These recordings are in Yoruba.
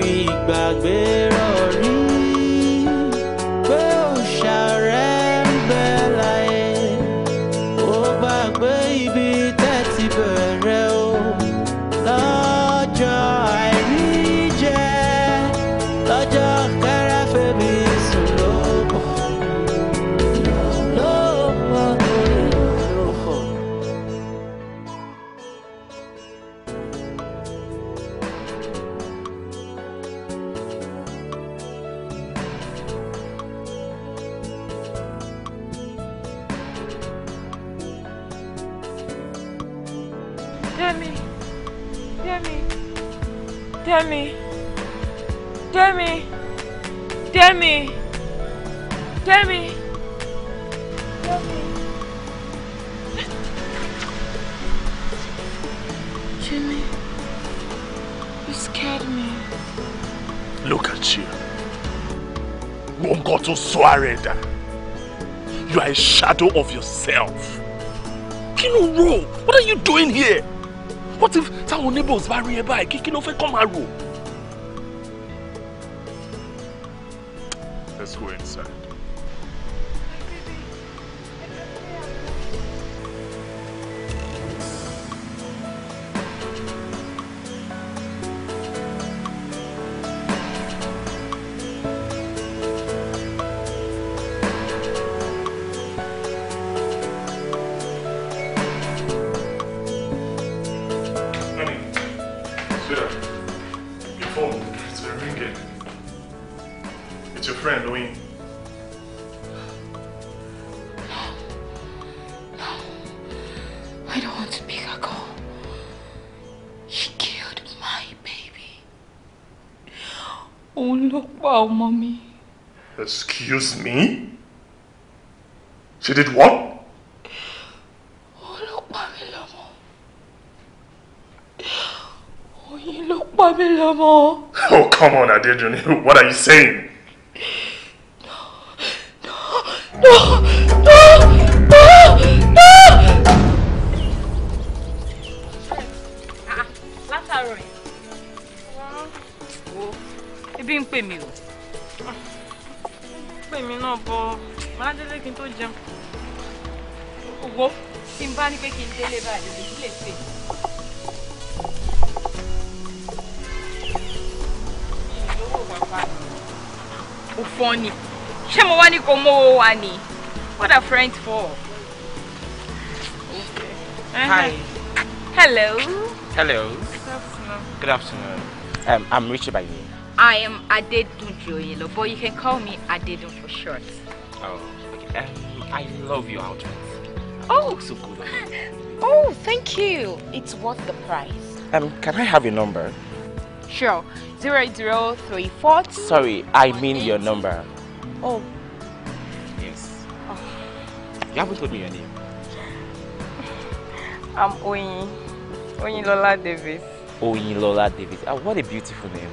fi ìgbàgbé rọrí. tó sọ you are a shadow of yourself kí what are you doing here what if táwọn neighbors bá rí ẹ báyìí kí kí ló She did what? Oh, ló pa mí lọ́mọ. Oyin ló Oh, come on, Adejuni. What are you saying? tí n bá ní pé ṣé mo wá ní kó mówó wa ni what are friends for. Hi. Hello. Hello. Good afternoon. Good afternoon. Um, I'm Richard by name. I am Adedunju Oyelo, but you can call me Adedun for short. Oh, okay. Um, I love your outfit. Oh, so good. Oh, thank you. It's worth the price. Um, can I have your number? Sure. Zero zero three four. Sorry, I mean your number. Oh. Yes. Oh. You haven't told me your name. I'm Oyin. Lola Davis. Lola Davis. Oh, what a beautiful name.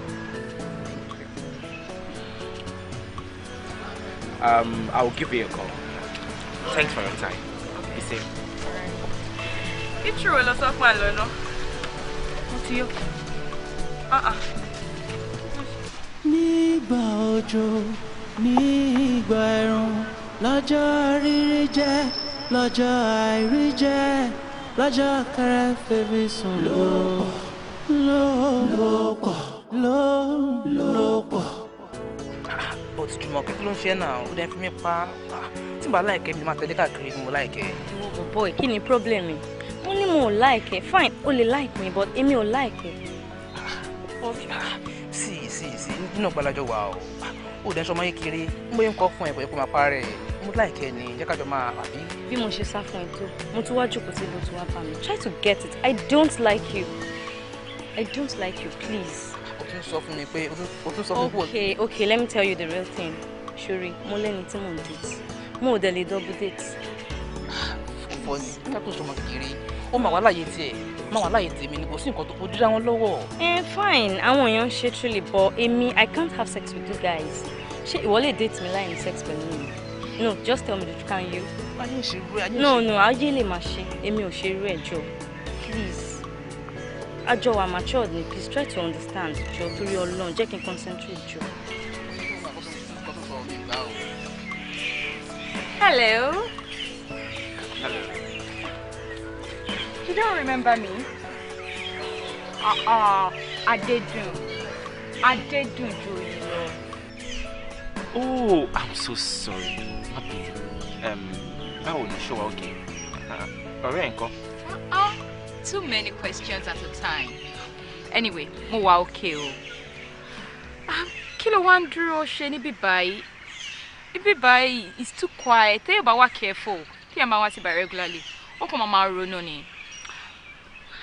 Um, I'll give you a call. Thanks for your time. same. Ìtúrò lọ sọ fún àlọ́ náà. Mo ti yọ. Ah, ah. Nígbà òjò, nígbà ẹ̀rùn, lọ́jọ́ rírí jẹ́, lọ́jọ́ àìrí jẹ́, lọ́jọ́ kẹrẹ fèmí sùn lò. Lò pọ̀, lò pọ̀, lò pọ̀ but jùmọ̀ kí ló ń ṣe náà ó dẹ́n fi mí pa ah, tí bá láìkẹ́ mi máa tẹ̀lé káàkiri mo láìkẹ́. ìwọ oh boy kí ni problem mi mo ní mo ò láìkẹ́ fine o lè like me but èmi ò láìkẹ́. sí sí sí nínú ìgbàlájọ wà o ó dẹ́n sọmọ yín kiri ń bóyá ń kọ́ fún ẹ̀ bóyá kó máa parẹ́ mo láìkẹ́ ni jẹ́ kájọ máa àbí. bí mo ṣe sá fún ẹ tó mo tún wá jókòó tí mo tún wá bá mi try to get it I don't like you I don't like you please tún sọ fún mi pé o tún sọ fún mi. okay okay let me tell you the real thing sori mo lẹni tí mò ń date mo ò dẹ̀ lè double date. fọ ni kákó sọmọ kékeré ó mà wá láàyè tiẹ̀ mà wá láàyè tèmi ni kò sí nǹkan tó kojú dá wọn lọ́wọ́. ẹ eh, fine àwọn èèyàn ń ṣe truly but èmi i can't have sex with you guys ṣé ìwọ lè date mi láì ní sex pẹ̀lú mi no just tell me the truth can you. ayé ìṣerú ayé ìṣerú. no no ayé lè máa ṣe èmi ò ṣe irú ẹ̀ jọ please àjọ wa matured ni please try to understand jọ torí ọlọ́run jẹ́ kí n concentrate jọ. Hello. You don't remember me? Uh-uh. Adedun. Adedun Joyi lọ. Oh, I'm so sorry. Um, báwo ni ṣé wa okay? Uh, ọ̀rẹ́ ẹ̀ too many questions at a time. Anyway, mo wà okay o. Ah, kí ló wá ń dúró ṣe níbí báyìí? Níbí báyìí is too quiet. Tell bá wà careful, téèyàn bá wá sí by regularly, O kàn Mama máa ronú ni.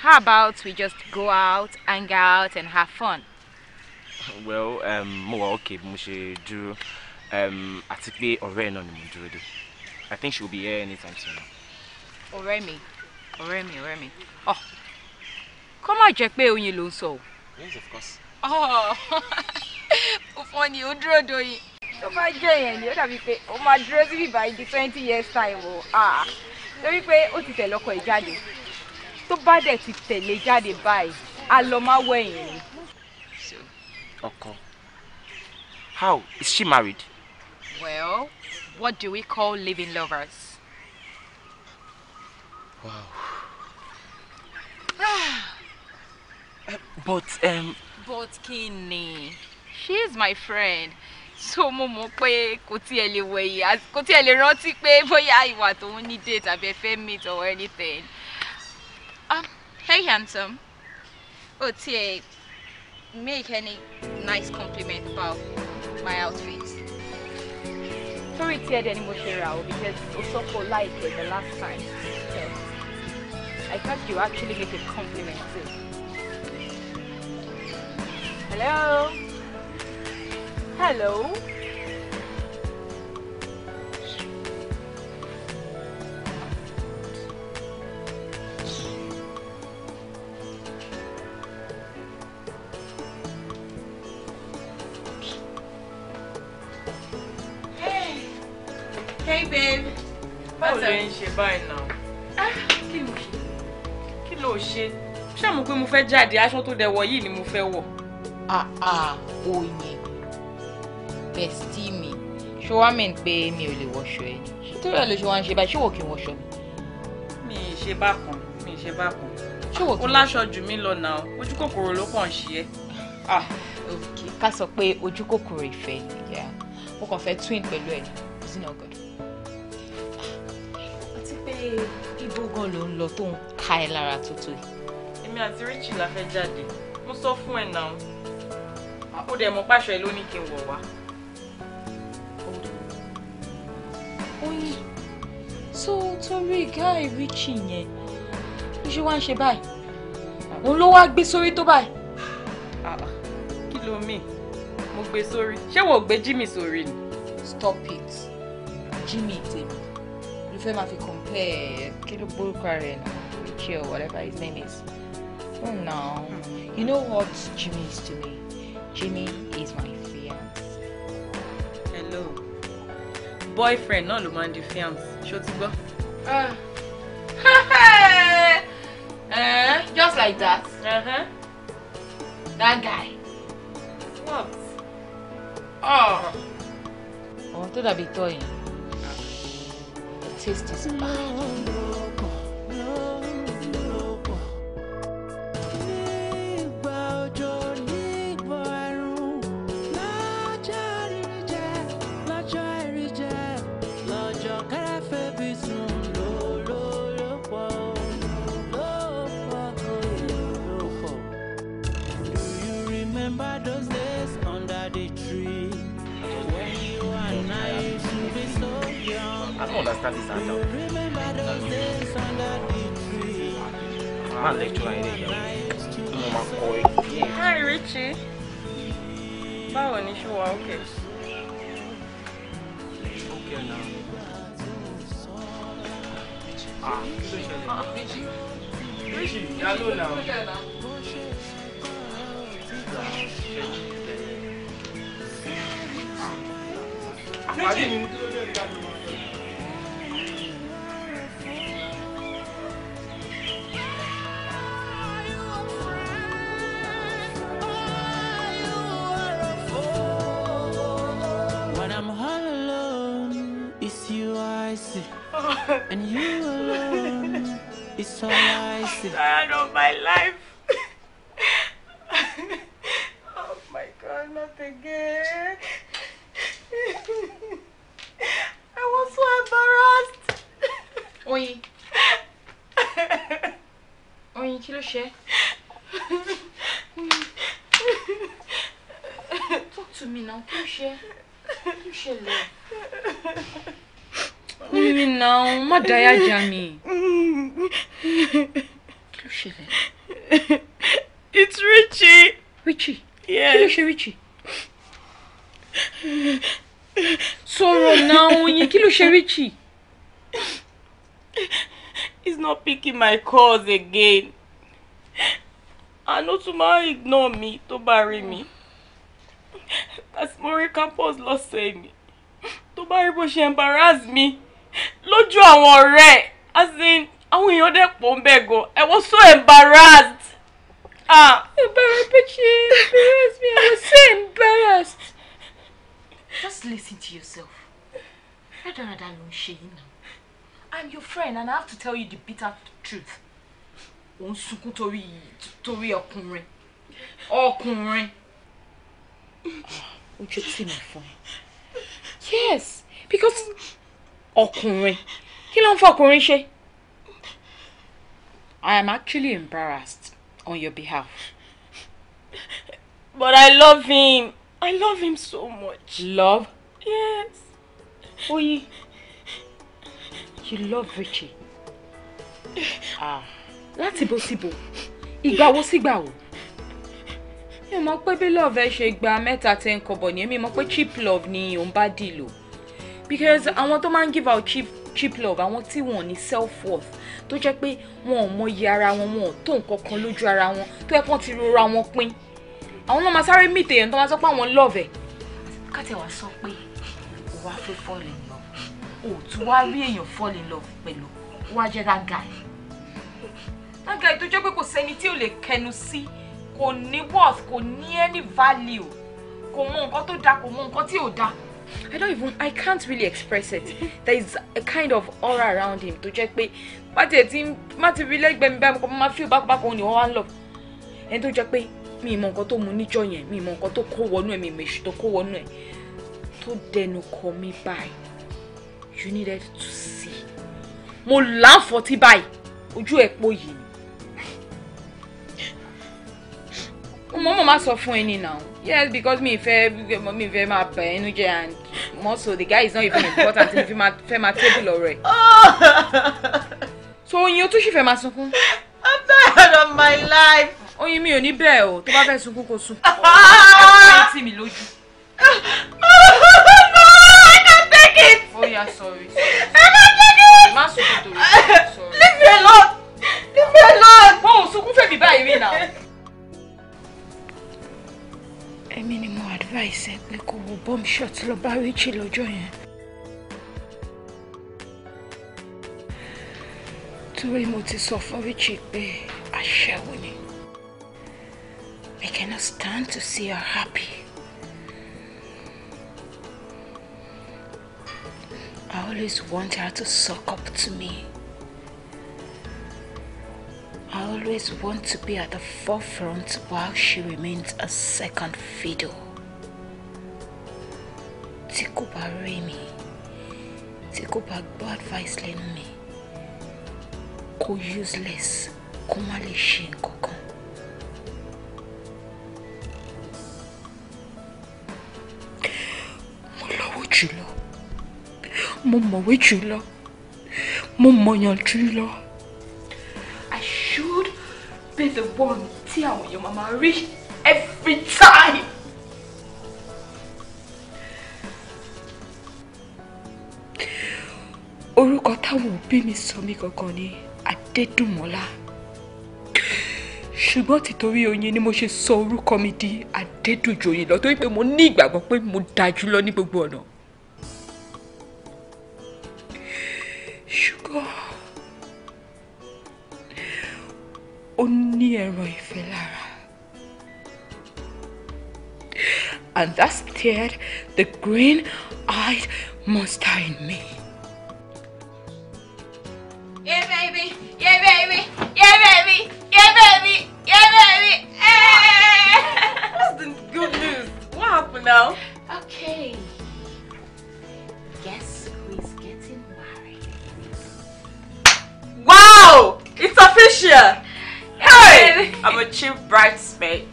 How about we just go out, hang out and have fun? Well, um, mo wà okay bí mo ṣe dúró. Um, àti pé ọ̀rẹ́ ni mo dúró I think she will be here anytime soon. Ọ̀rẹ́ mi ọ̀rẹ́ mi ọ̀rẹ́ mi ọ oh, kó má jẹ́ pé oyin ló ń sọ o. yes of course. Oh, ó fọ́ ni ó dúró doyin tó bá jẹ́ yẹn ni ó dàbí pé ó máa dúró síbí báyìí di twenty years time o ah, torí pé ó ti tẹ̀lé ọkọ ẹ̀ jáde tó bá dẹ̀ ti tẹ̀lé jáde báyìí a lọ máa wọ ẹ̀yìn ni. ọkọ how is she married. well what do we call living lovers. Wow. but um. But kí ni? She is my friend. So mo mọ̀ pé kò tiẹ̀ lè wẹ̀yìn kò tiẹ̀ lè rántí pé bóyá ìwà tó ń ní date àbí ẹ fẹ́ meet or anything. Um, hey handsome. O make any nice compliment about my outfit Sorry, Tia, dẹ̀ ni mo ṣe because o sọ pé the last time. I thought you actually make a compliment too. Hello? Hello? Hey babe. Báwo up? ń ṣe báyìí náà? Ah, kí ni mo ṣe? ló ṣe ṣé mo pé mo fẹ́ jáde aṣọ tó dẹwọ yìí ni mo fẹ́ wọ̀. àà ah, òye ah, bestie mi ṣó wá mẹ́ni pé mi ò lè wọṣọ ẹ torí ẹ ló ṣe wá ń ṣe báyìí ṣé wò kí n wọṣọ mi. mi ì ṣe bákan mi ì ṣe bákan ó láṣọ jù mí lọ náà ojú kòkòrò ló kàn ṣe ẹ. Ah. ká sọ pé ojú kòkòrò ìfẹ́ mo kàn fẹ́ twin pẹ̀lú ẹ̀ ní ọ̀sìn ọ̀gọ̀dọ̀. àti pé ibo gan ló ń lọ tó ń ka ẹ lára tuntun yìí. èmi àti Richie la fẹ́ jáde mo sọ fún ẹ̀ náà ó dẹ̀ mọ pàṣọ ẹ ló ní kí n wọ̀ wá. oyin tó torí guy Richie yẹn ó ṣe wá ń ṣe báyìí òun ló wá gbé sórí tó báyìí. Ah, ah. kí ló mìn mo gbé sórí ṣé wọ́n gbé Jimmy sórí ni. stop it Jimmy tèmi fẹ́ máa fi compare kí ló gbórúkọ rẹ̀ whatever his name is oh no you know what Jimmy is to me Jimmy is my fiance. hello boyfriend náà ló máa ń di fiance ṣó ti gbọ́. Ah. Eh, just like that. Uh-huh. that guy. what. Oh. ọ̀hún tó dàbí be yìí. taste is back. 对呀。my life. oh my God, not again. I was so embarrassed. Oi! Oi! kí ló Talk to me now, kí ló ṣe? Kí ló ṣẹlẹ̀? Oyin now, má dáyà ṣẹlẹ̀. it's Richie. Richie. yes kí ló Richie. sọ̀rọ̀ now oyin kí ló Richie. he's not picking my calls again. àná tún máa ignore me, tó bury me. mi. that's mori campus lọ́sẹ̀ mi tó bá rí bó ṣe embarrass mi lójú àwọn ọ̀rẹ́ as in àwọn èèyàn dẹ̀ pọ̀ ń bẹ̀ gan I was so embarrassed. ah embarrassed pichi embarrassed me I was so embarrassed. just listen to yourself rádaràda ló ń ṣe yìí náà I'm your friend and I have to tell you the bitter truth ò ń sunkún torí torí ọkùnrin ọkùnrin. Ah, ojú tì mí fún ẹ yes because ọkùnrin kí ló ń fọkùnrin ṣe I am actually embarrassed on your behalf. But I love him. I love him so much. Love? Yes. Oyi, you love Richie. Ah, láti bo síbo, ìgbà wo sígbà wo? Mi ò mọ̀ pé love ẹ ṣe gba meta tẹ́ ń kọ́bọ̀ ni èmi mọ̀ pé cheap love ni òun bá dì Because àwọn tó máa give out cheap, cheap love, àwọn tí wọn ò ní self worth tó jẹ́ pé wọn ò mọyì ara wọn wọn ò tó nǹkan kan lójú ara wọn tó yẹ kán ti rora wọn pin àwọn náà máa sáré mìtì èèyàn tó máa sọ pé àwọn lọ́ọ̀fẹ́. kátẹ́ wàá sọ pé kò wá fẹ́ fall in love ò tún wá rí èèyàn fall in love pẹ̀lú wá jẹ́ that guy. that guy tó jẹ́ pé kò sẹ́ni tí ò lè kẹnu sí kò ní worth kò ní any value kò mọ nǹkan tó dáa kò mọ nǹkan tí ò dáa i don't even i can't really express it there is a kind of aura around him to jẹ́ pé má ti ti má ti rí lẹ́gbẹ̀ẹ́ mi báyìí mo máa feel back back on wọ́n wá ń lọ ẹni tó jẹ́ pé mi ì mọ nǹkan tó mu níjọ yẹn mi ì mọ nǹkan tó kó wọnú ẹ̀ mi ì mọ èṣù tó kó wọnú ẹ̀ tó mi báyìí you needed to see mo láǹfọ̀tí báyìí ojú ẹ̀ pò yìí mo mọ̀ máa sọ fún ẹni náà yes because mi fẹ́ mi fẹ́ máa bà ẹnu jẹ́ and more so the guy is not even important mi fẹ́ máa table ọ̀rẹ́ oh! so oyin o tún sì fẹ́ máa sunkún. I'm tired of my life. oyin mi ò ní bẹ́ẹ̀ o tó bá fẹ́ sunkún kó sun. ọ̀rẹ́ tí mi lójú. no I can't take it. oh yeah sorry. I can't take it. má sunkún torí. leave me alone leave me alone. wọn ò sunkún fèmí báyìí rí náà èmi ni mo advice ẹ pé kó wo bomb shot lọ bá Richie lọ́jọ́ yẹn. torí mo ti sọ fún Richie pé aṣẹ́wó ni I cannot stand to see her happy. I always want her to suck up to me. I always want to be at the forefront while she remains a second fiddle. Tí kò bá rí advice lẹ́nu mi, kò useless, kó má lè ṣe nǹkan kan. Mo lówó jùlọ, mo mọ̀wé jùlọ, mo mọ̀yàn jùlọ be the one tí your èèyàn máa every time. orúkọ táwọn òbí mi sọ mí gangan ni adédùnmọ́lá ṣùgbọ́n títorí oyin ni mo ṣe sọ orúkọ mi di adédùjòyè lọ torí pé mo ní ìgbàgbọ́ pé mo dájú lọ ní gbogbo ọ̀nà ṣùgbọ́n. ó ní ẹ̀rọ ìfẹ́ And thus stirred the green-eyed monster in me. Yeah, baby. Yeah, baby. Yeah, baby. Yeah, baby. Yeah, baby. Hey! Eh. What's the good news? What happened now? Okay. Guess who is getting married? Wow! It's official! Hey! I'm a cheap bridesmaid.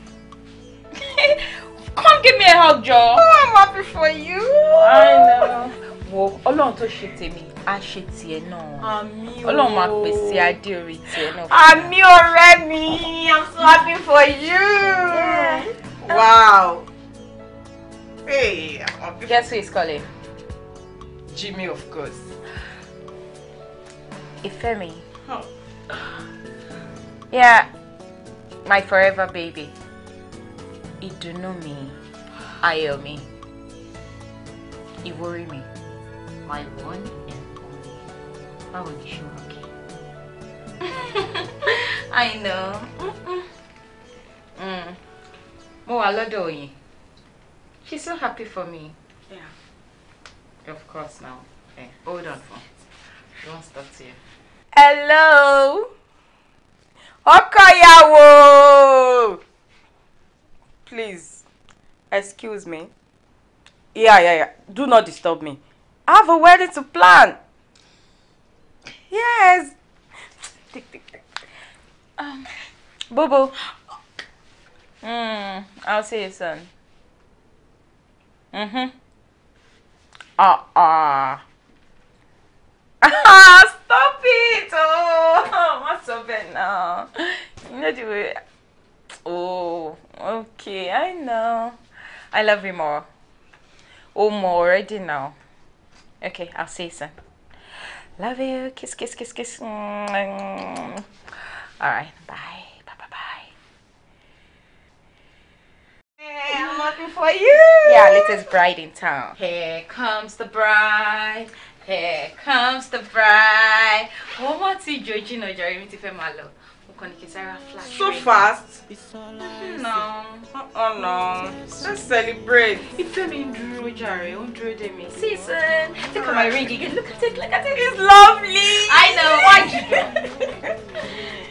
Come give me a hug, Joe. Oh, I'm happy for you. I know. Wo Ọlọ́run to shit me. I shit you no. Àmín o. Ọlọ́run máa pèsè adé orí tiẹ̀ náà. Àmín ọ̀rẹ́ mi, I'm so happy for you. Yeah. Wow. Hey, Guess who is calling? Jimmy, of course. Ifemi. mi. Yeah, my forever baby. Ìdùnnú mi, ayọ̀ mi, ìwúrí mi. My one and only. Báwo ni ṣe wọ́n kí? I know. Mm. Mo wà lọ́dọ̀ Oyin. She's so happy for me. Yeah. Of course now. Hey, eh, hold on for. She wants to talk to you. Hello ọkọyàwó please excuse me yeah yeah yeah do not disturb me I have a wedding to plan yes tick tick tick um bobo mm, I'll see you soon mm-hmm uh-uh. Ah, Stop it! Oh, what's up now? You know the way. Oh, okay, I know. I love you more. Oh, more already now. Okay, I'll see you soon. Love you. Kiss, kiss, kiss, kiss. Mm -hmm. All right, bye. Bye, bye, bye. Hey, I'm looking for you. Yeah, little bride in town. Here comes the bride. Here comes the bride. Wọ́n má ti jò jìnnà jàre mi ti fẹ́ máa So fast. Mm-hmm, no. Oh no. Let's celebrate. It's mi ń Drew jàre, ó ń dúró dè Season. Look at my ring again. Look at it, look at it. It's lovely. I know, why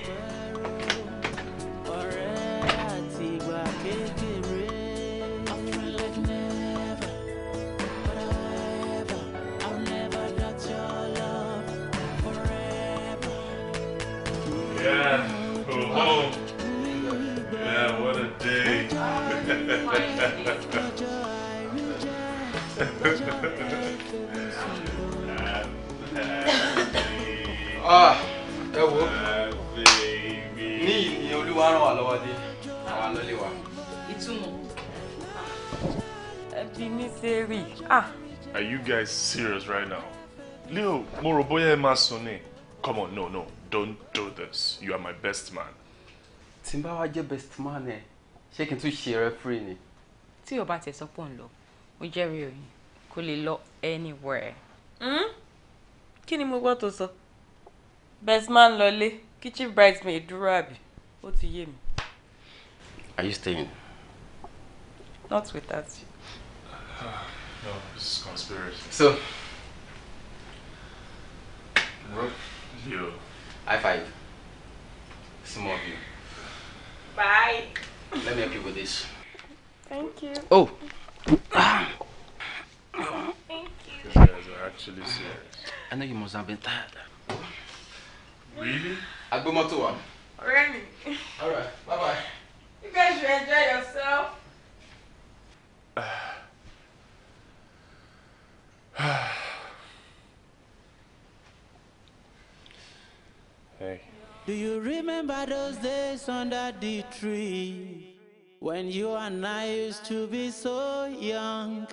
Yeah. oh, home. Yeah, what a day. ah, ẹ wo ní ìyẹn olúwa ràn wá lọ́wọ́ dé àwa lọ́lé wa. ìtumọ̀. ẹbí ní sẹ́rì. Ah. Are you guys serious right now? Leo, mo rò bóyá Come on, no, no don't do this you are my best man. tí n bá best man eh? ṣé kí n tún ṣe referee ni. tí o bá tẹ̀ sọ́pọ̀ ń lọ mo jẹ́rìí òyìn kó lè lọ anywhere. Hmm? kí ni mo gbọ́ tó sọ best man lọlé Kitchen chief bridesmaid dúró àbí ó ti yé mi. are you staying. not without you. no this is conspiracy. so. What? You. High five. Some of you. Bye. Let me help you with this. Thank you. Oh. Thank you. You guys are actually serious. I know you must have been tired. Really? I'll more Agbomoto wa. Already. Alright, bye bye. You guys should enjoy yourself. Ah. Hey. Do you remember those days under the tree when you and I used to be so young?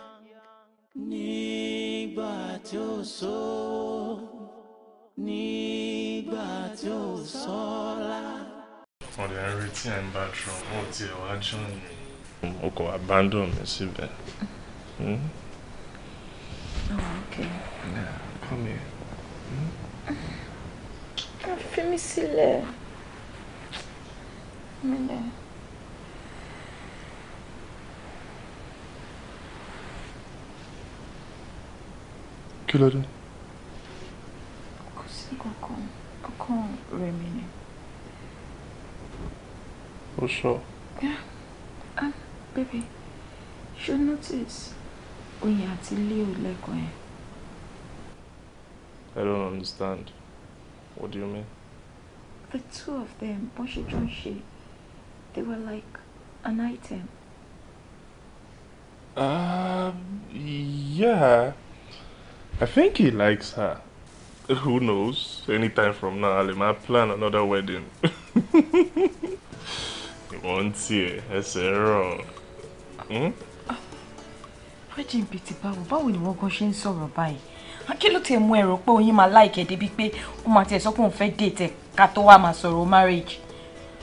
Nígbà tí ó sọ, nígbà tí ó sọ́lá. Wọ́n lè retí ẹ̀ ń bá tún wọn ò tiẹ̀ wá jọ yìí. O kò abandon mi síbẹ̀. Hmm? Oh, okay. Yeah, come here. fi mí sílẹ̀ mi lẹ̀. kí ló dé. kò sí kankan ọkàn rẹ̀ mi ni. ó sọ. yeah ah baby ṣé o notice oyè àti leo lẹ́kọ̀ọ́ yẹn. I don't understand. What do you mean? the two of them Bonshi ṣe they were like an item. Um, yeah. I think he likes her. Who knows? Anytime from now, I might plan another wedding. He wants you, That's wrong. Hmm? Wedding bíi ti báwo? Báwo ni wọ́n gan ṣe ń sọ̀rọ̀ báyìí? Kí ló ti mú ẹ rò pé oyin máa láìkẹ́ débi pé ó máa tiẹ̀ sọ date ká tó wá máa sọ̀rọ̀ marriage.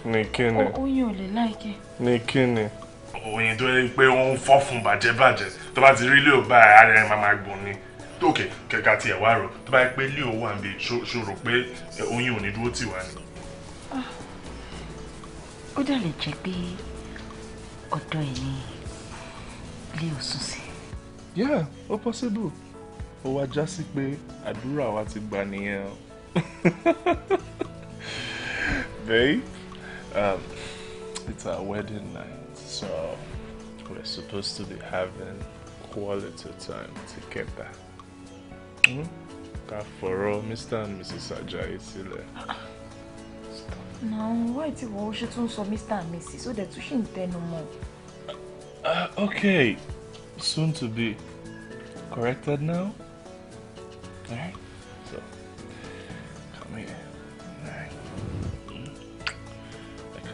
ní kíni. oyin ò lè láìké. ní kíni. oyin tó yẹ pé wọ́n ń fọ́ fún bàjẹ́ bàjẹ́ tó bá ti rí ilé òbá ara ẹ̀ máa máa gbọ̀n ni tókè kẹ̀kẹ́ àti ẹ̀wá rò tó bá yẹ pé ilé òwò àǹbẹ̀ ṣòro pé oyin ò ní dúró tì wá ni. Ah, ó dà lè jẹ́ pé ọ̀dọ̀ ẹ̀ ni ilé ò sí. yeah ó possible ó wá já sí pé àdúrà wa ti gbà nìyẹn o. babe. Um, it's our wedding night, so we're supposed to be having quality time together. Hmm? That For all, Mr. and Mrs. Ajayi sílẹ̀. Now, why do you want to on so Mr. and Mrs. so that you shouldn't tell no more? Uh, okay, soon to be corrected now. Alright.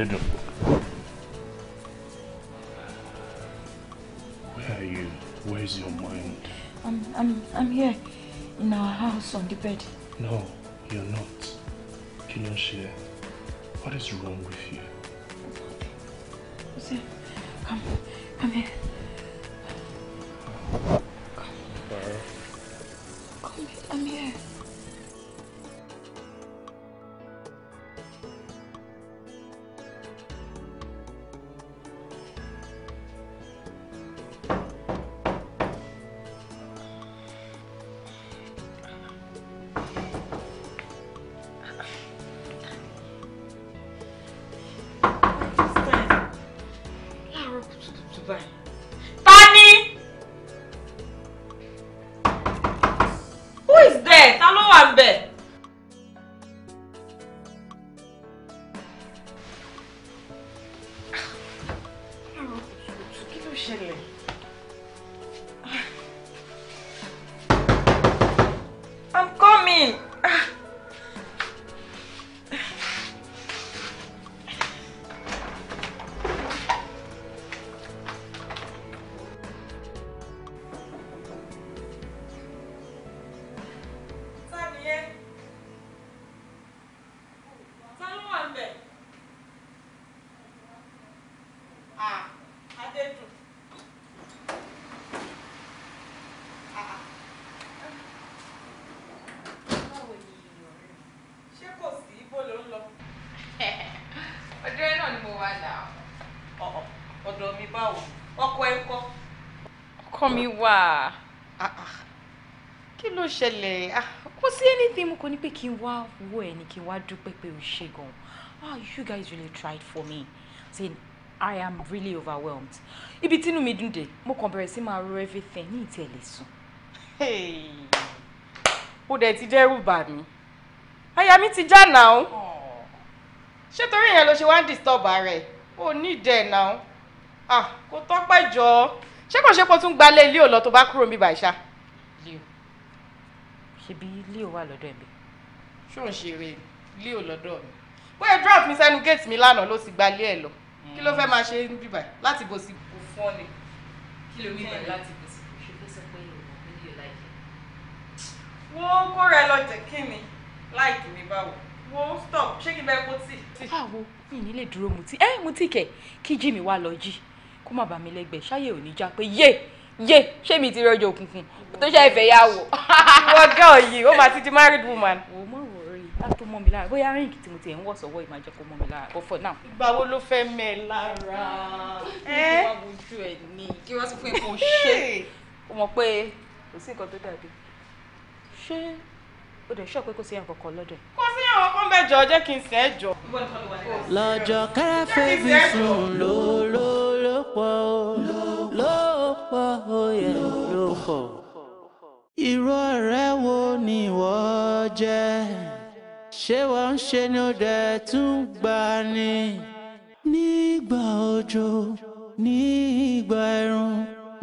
Did you? Where are you? Where's your mind? I'm, I'm, I'm here in our house on the bed. No, you're not. Can What is wrong with you? Come, come here. ṣẹlẹ̀ wà ah, ah. kí ló ṣẹlẹ̀ ah, kò sí anything mo kò ní pé kí n wá wo ẹ̀ ni kí n wá dúpẹ́ pé o ṣe gan ah you guys really tried for me say i am really overwhelmed ibi tínú mi dùn dé mo kàn bẹ̀rẹ̀ sí máa ro everything ní ìtẹ̀lẹ̀ sùn. ó dẹ̀ ti dẹ́rù bà mí àyà mi ti já náà ṣé torí ìyẹn ló ṣe wá ń disturb ara ẹ̀ ò ní ìdẹ̀ náà kò tọ́pẹ́ jọ ṣé kò ṣe pé o tún gbalẹ̀ ilé ò lọ tó bá kúrò níbi àìsà. leo ṣebí leo wà lọ́dọ̀ ẹ̀ bẹ́ẹ̀. ṣó ń ṣeré leo lọ́dọ̀ mi bóyá drop mi sẹ́nu gate mi lánàá ló ti gbalẹ̀ ẹ̀ lọ kí ló fẹ́ máa ṣe níbi báyìí láti bò sí. kò fọ́ ni kí ló ní ìbẹ̀rẹ̀ láti bò sí. ṣé fẹ́ sọ pé yorùbá mi yóò láìkí. wo kó rẹ lọ jẹ kí ni láìkí mi báwo wo stop ṣé kí n bẹ kó tì. báwo mi ì ní lè dúró mutí ẹ mutí kẹ kí jí mi lọ jí kó má bà mí lẹ́gbẹ̀ẹ́ ṣáyè ò ní já pé yé yé ṣé mi ti rọjò òkùnkùn tó ṣe ìfẹ́ yà wò wọ́n gán yìí ó máa ti di married woman. wò ó má wò ó rí i láti tó mọ́ mi lára bóyá ríǹkì tí mo ti ẹ̀ ń wọ̀ sọ́wọ́ yìí máa jẹ́ kó mọ́ mi lára but for now. ìgbà wo ló fẹ́ mẹ́ ẹ lára ẹ́ wọ́n wojú ẹ̀ ní kí wọ́n sọ pé kò ṣe o mọ̀ pé kò sí nǹkan tó dàbí ṣé o dẹ̀ ṣọ́ pé kò sí àwọn kankan lọ́dọ̀ ẹ̀. kò sí àwọn kan bẹ́ẹ̀ jọ jẹ́ kí n sẹ́ jọ. lọ́jọ́ káràfẹ́ bí sùn lóró pọ̀ ló pọ̀ oyè ló pọ̀. irú ọ̀rẹ́ wo ni ìwọ jẹ́ ṣé wọ́n ń ṣe ni ó dẹ̀ tún gbà ni nígbà òjò nígbà ẹ̀rùn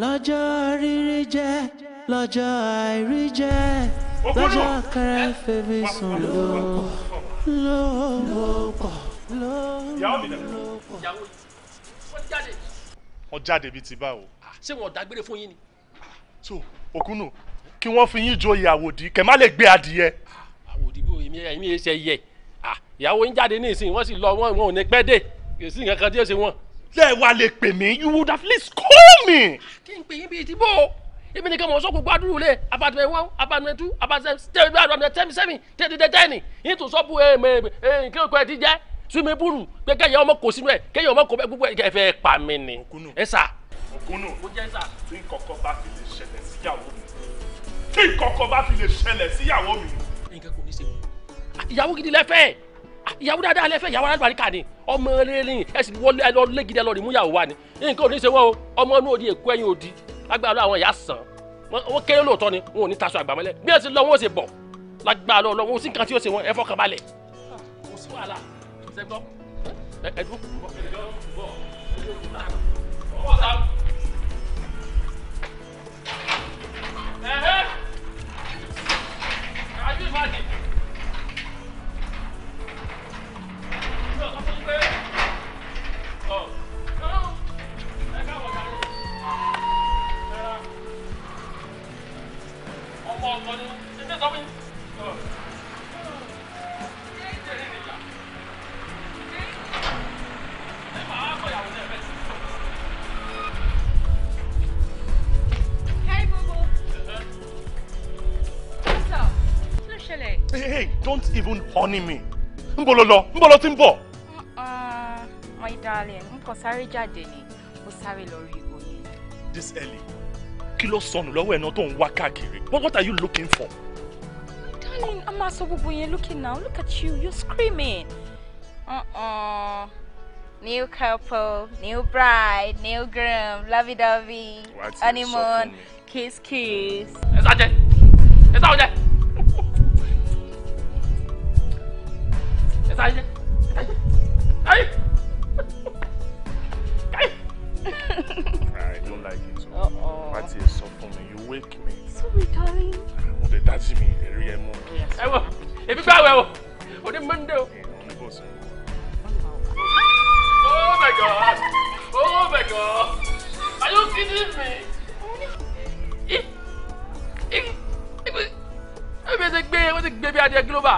lọ́jọ́ rírí jẹ́ lọ́jọ́ àìrí jẹ́ lọ́jọ́ kẹrẹ́ fèmí sùn ló ló pọ̀ ló wọ́n jáde bíi ti báwo. ṣé wọn ò fún yín ni. so òkúnnù kí wọ́n fi yín joyè àwòdì kẹ́ má lè gbé adìyẹ. àwòdì bò èmi èmi ṣe yẹ ìyàwó yín jáde ní ìsìn wọ́n sì lọ wọn wọn ò ní pẹ́ dé kò sí nǹkan kan tí ó ṣe wọn. lẹ́ẹ̀ wá lè pè mí you would at least called me. kí n pè yín bíi ìdìbò èmi nìkan mọ̀ ọ́ sọ́kùn gbádùn ilé abatẹ wọn abatẹ tú abatẹ tẹ́mi sẹ́mi tẹ́mi tẹ́ni yín tún sọ́kùn ẹ̀ ẹ̀ kí ló kọ́ ti jẹ́ swimming pool pé kẹyà ọmọ kò sínú ẹ kẹyà ọmọ kò bẹ gbogbo ẹ fẹ pa mí ni ẹ sà. òkúnnù tí nǹkankan bá fi lè ṣẹlẹ̀ síyàwó mi tí nǹkankan bá fi lè ṣẹlẹ̀ síyàwó mi. nǹkan kò ní ṣe wọn. ìyàwó gidi lẹ fẹ́ ìyàwó dáadáa lẹ fẹ́ ìyàwó alágbàríkà ni ọmọ eléyìí ẹ sì wọlé ẹ lọ lé gidi ẹ lọ rí mú ìyàwó wa ni nǹkan ò ní ṣe wọn o ọmọ inú òdi èkó ẹyin òdi lágbára àwọn ìyá sàn wọn kéré lóòótọ́ ni wọn ò ní taṣọ àgbàmọ́lẹ̀ bí ẹ ti lọ wọn ò ṣe bọ̀ lágbára lọ wọn ò sí nǹkan tí ó ṣe wọn ẹ fọkàn balẹ̀ ah, kò sí wàhálà sẹ́gbọ́ ẹ̀dùn. ọwọ́ ta. ẹ̀hẹ́ ayé ìbàdí. ọmọ ọkọ ni wọn ṣe fẹ́ sọ fún mi. don't even honey me. ń bọ̀ lọ lọ my darling n kò sáré jáde ni ó sáré lọ rí ìgò this early kilo ló sọnù lọ́wọ́ ẹ̀ náà tó ń wá what, are you looking for. my darling I'm máa sọ gbogbo yẹn now look at you you're screaming. Uh -uh. New couple, new bride, new groom, lovey-dovey, honeymoon, kiss, kiss. Ẹ sáà jẹ́, ẹ sáyé I don't like it. What is so funny? you wake me. Sorry darling. Oh, dey dájú me, dey rí ẹ mú. Ẹ wọ, èmi gbà wẹ̀ o, òní Oh my God! Oh my God! Are you kidding me? Ẹ bí ẹ ti gbé ẹ ti gbé bí adìẹ gílóbà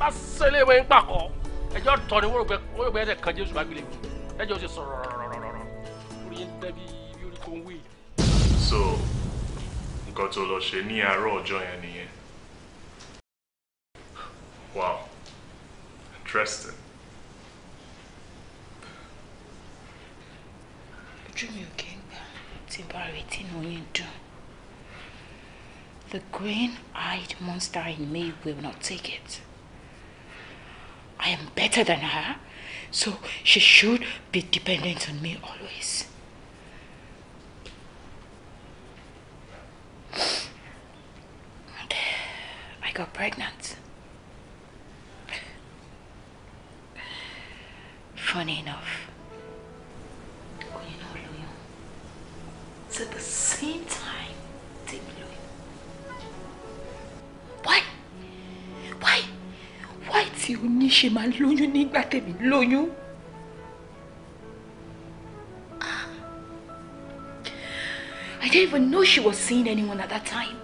bá sẹ́lẹ̀ wẹ̀ pàkọ́ ẹjọ́ tọ́ ni wọ́rọ̀gbẹ́ ẹ̀dẹ̀ kan jésù bá gbélé mi ẹjọ́ ti sọ̀rọ̀ rọ̀rọ̀rọ̀rọ̀ orí ń dẹ́bi bí orí kò ń wí. so nǹkan tó lọ ṣe ní àárọ̀ ọjọ́ yẹn nìyẹn wow interesting. ojú mi ò kí ń gbà tí bá retí inú yín dùn. The green-eyed monster in me will not take it. I am better than her, so she should be dependent on me always. And I got pregnant. Funny enough, it's at the same time, Tim Why? Why? wáì tí o ní ṣe máa lóyún nígbà tèmi lóyún. Ah. I didn't even know she was seeing anyone at that time.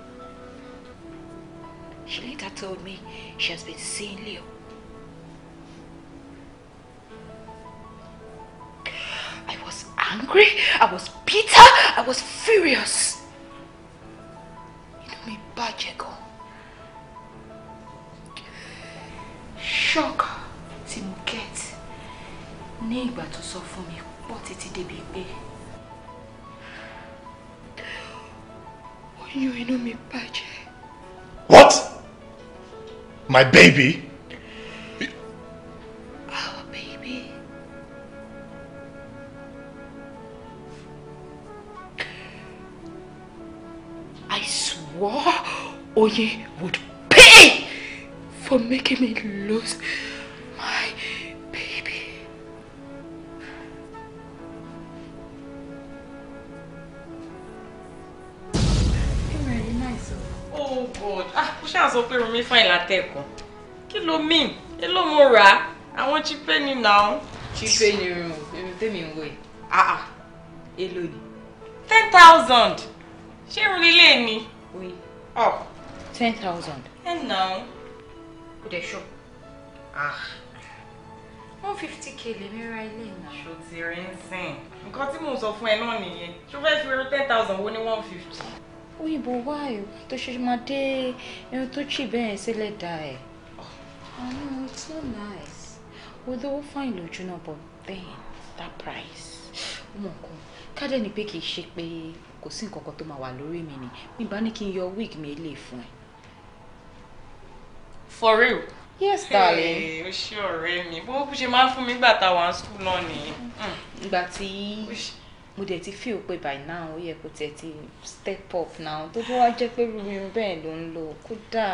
She later told me she has been seeing Leo. I was angry, I was bitter, I was furious. You know me, bad gan. shock tí mo get ní ìgbà tó sọ fún mi pọ̀ títí débi pé oyún inú mi bàjẹ́. What? My baby? Our baby. I swore Oye would for making me lose my baby. Oh God! Ah, ó has opened. pé Rumi fún ìlàtẹ̀kùn. Kí ló mean? Èló mo rà á? Àwọn chipe ni náà. Chipe ni irun irun tèmi ń wò yìí. Ah ah, èló Ten thousand. She really lílé me. Oui. Oh. Ten thousand. And now ó dẹ̀ ṣọ́ ah. one fifty k lè mi ra ilé mi. ṣó ti rí ń sìn nǹkan tí mò ń sọ fún ẹ náà nìyẹn ṣó fẹ́ fi irú ten thousand wo ní one fifty. òyìnbó wáyò tó ṣe máa dé irun tó chì bẹ́ẹ̀ sílẹ̀ dá ẹ̀. àná oh, it's so nice although fine lójú náà but then that price ó mọ̀ nǹkan kádẹ́ ni pé kì í ṣe pé kò sí nǹkan kan tó máa wà lórí mi ni mi bá ní kí n yọ wig mi lè fún ẹ for real. yes darling. o ṣe ọ̀rẹ́ mi bó ṣe máa ń fún mi gbàtà wà ní school náà nìyí. Hmm. ìgbà tí mo dẹ̀ ti feel pé by now ó yẹ kó tẹ̀ ti step up now tó bó wá jẹ́ pé rúmi bẹ́ẹ̀ ló ń lò kódà.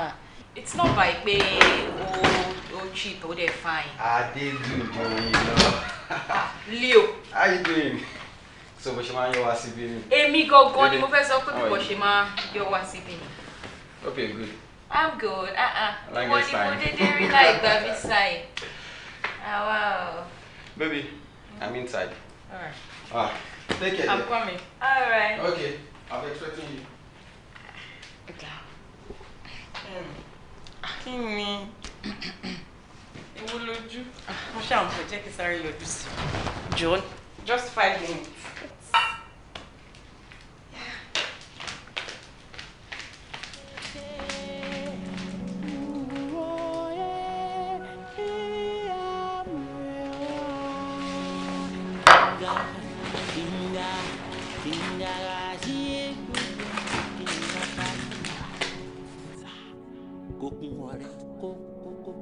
it's not by pé o o cheap o dẹ̀ fine. adédùnjú yìí lọ. leo. how you doing? so bó ṣe máa ń yọ wá síbí ni. èmi gangan ni mo fẹ́ sọ pé bí ṣe máa yọ wá síbí ni. okay good. I'm good. Uh-uh. Longest time. They didn't really like that inside. Oh, wow. Baby, I'm inside. All right. Ah, Take care. I'm coming. All right. Okay. I'm expecting you. Kí ni? Ewu lójú. Mo ṣàǹfọ̀ jẹ́ kí sáré lójú sí. John. Just five minutes.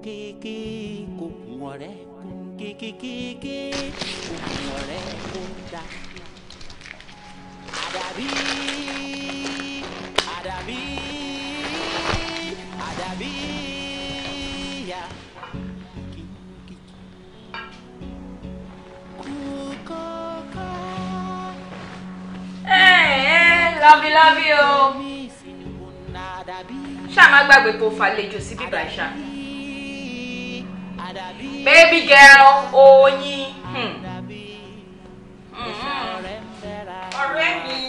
keke kokun ọ̀rẹ́ kekekeke kokun ọ̀rẹ́ kó dá. Àdàbí àdàbí àdàbí ya. lábílábí o ṣáà má gbàgbé kó fàlejò sí bíbá ṣáà baby girl oyin. Hmm. Hmm. ọ̀rẹ́ mi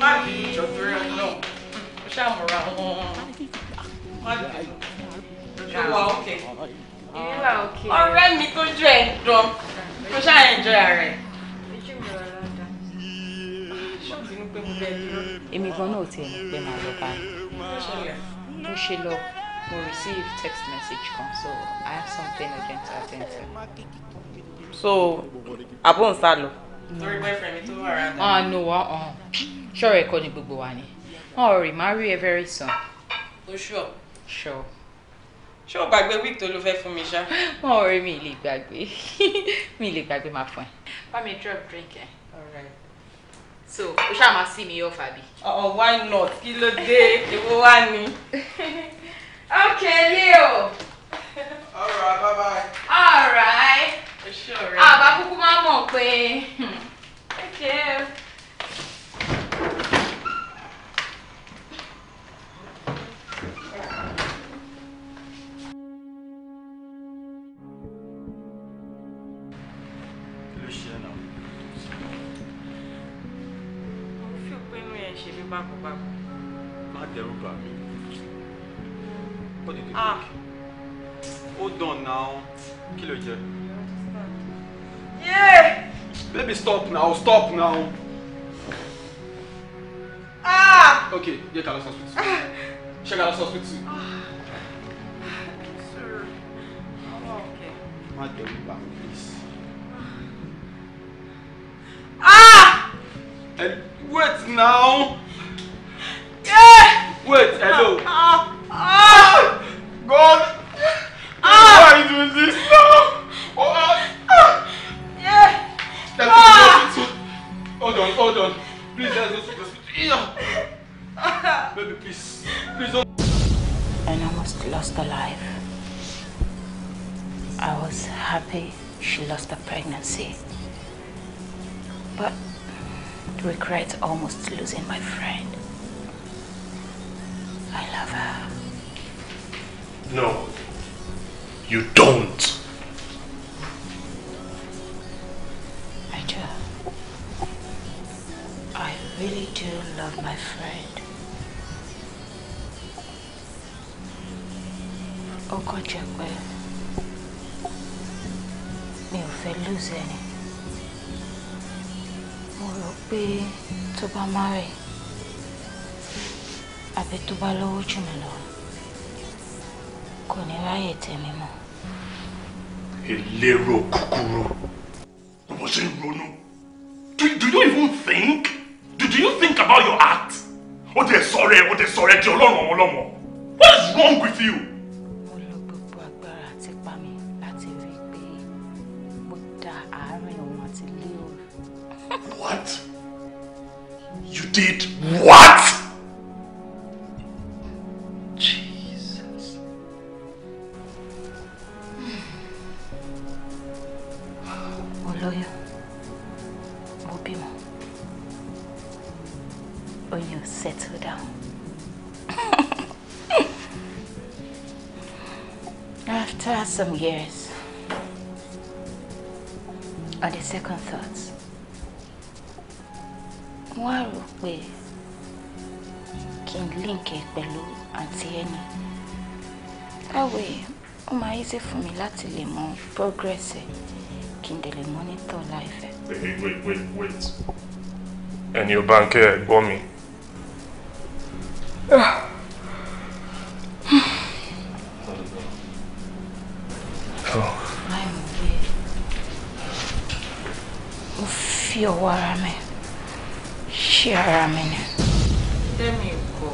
má bí ìjọba rẹ̀ náà ó ṣàmùra wọn má bí ìjọba òkè. ọ̀rẹ́ mi tó jẹ́ ẹ̀ dán mo ṣáà enjoy ara ẹ̀ èmi gan náà tiẹ̀ ní pé màá lọ bá a bó ṣe lọ mo receive text message kan so I have something urgent to attend to. so àbọ̀ ń sá ah no wa ọ̀hún ṣọ́ọ̀rọ̀ ẹ̀kọ́ ni gbogbo wa ni marry ẹ very soon. o oh, sure. sure. ṣé o gbàgbé wíìkì tó ló fẹ́ fún mi me wọn ò Me mi lè my mi I'm gbàgbé máa fún drop drink all right so o ṣáà máa sí mi yọ fàbí. ọ̀ why not kí ló dé èwo wá ni. Okay, Leo. Alright, bye bye. Alright. Sure. Ah, bye, máa mọ̀ pé. Hmm. Take stop now. Ah! Okay, get out of hospital. Ah. Check out of hospital. Ah. Sir. Oh, okay. My deliver please. Ah! And eh, wait now. Yeah! Wait, hello. Ah! Ah! ah. God! Ah! Why are you doing this No. Ah! Oh, ah. Hold on, hold on. Please, let's go to the hospital. Baby, please. Please don't. And almost lost her life. I was happy she lost her pregnancy. But regret almost losing my friend. I love her. No, you don't. really do love my friend. Ó kàn jẹ́ mi ò fẹ́ lose ẹni. Mo rò pé tó bá marry àbí tó bá lówó jù mí lọ kò ní ráyè tèmi mọ́. Ìlérò kúkúrú. Mo ṣe ń Do, do you even think? do you think about your act? ó dẹ̀ sore? ẹ̀ ó sore? sọ̀rọ̀ ẹ̀ di ọlọ́run àwọn ọlọ́mọ what is wrong with you? mo lo gbogbo agbára àti pa mi láti rí i mo da àárín òun àti lé òru. what? you did what? progress ẹ̀ kí n dẹ̀ monitor life ẹ̀. wait wait wait wait ẹni ò bá ń kẹ́ ẹ gbọ́ mi. mo fi ọwọ́ ara mi ṣe ara mi ni. tẹ́mi kọ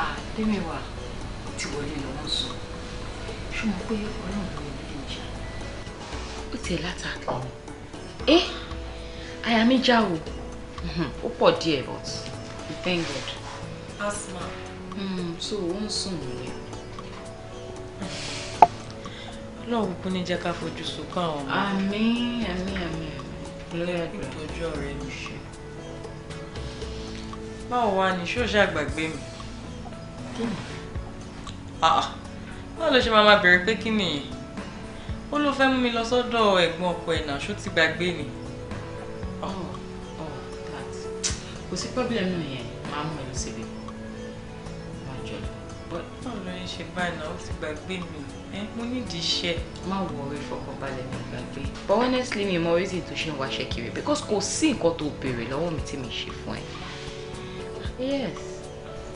ah, tẹ́mi wà ti wọlé lọ́wọ́ sọ ṣùgbọ́n pé tiẹ̀ látàkì ni ẹ eh, àyà mi já o mhm, ó pọ̀ but thank God. Asthma. Hmm. so ó ń sùn nìyẹn. ọlọ́run kún ní jẹ́ ká fojú sunkún àwọn ọmọ. àmín àmín àmín ìpínlẹ̀ àdúrà. ìtọ́jú ọ̀rẹ́ mi Jack back baby. Ah, ṣó ṣàgbàgbé mi. báwo ló ṣe máa ó ló fẹ́ mú mi lọ sọ́dọ̀ ẹ̀gbọ́n ọkọ ẹ̀ náà ṣó ti gbàgbé ni. Oh, oh, kò sí pọ́blẹ́mù yẹn máa mú ẹ lọ síbi máa jọ lọ. bọ́ọ̀ ló ń ṣe báyìí náà ó ti gbàgbé mi mo nídìí iṣẹ́. má wọ orí fọkànbalẹ̀ mi gbàgbé. but honestly mi mọ reason tó ṣe ń wáṣẹ́ kiri because kò sí nǹkan tó béèrè lọ́wọ́ mi tí mi ṣe fún ẹ. yes.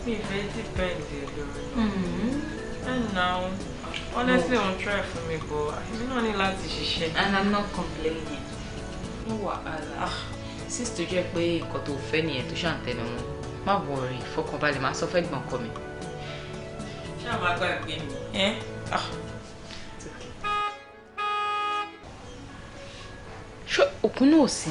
mi fẹ́ depend ẹ̀ mm-hmm. náà honestly on try fún mi bọ̀ èmi náà ní láti ṣiṣẹ́. and i'm not complaining. no Allah. since tó jẹ́ pé to tó fẹ́ to tó ṣàǹtẹ̀nu wọn má worry, for máa my fẹ́ gbọ̀n kọ́ mi. ṣáà máa gbàgbé mi. ẹ ah ṣé Sure. náà ò sí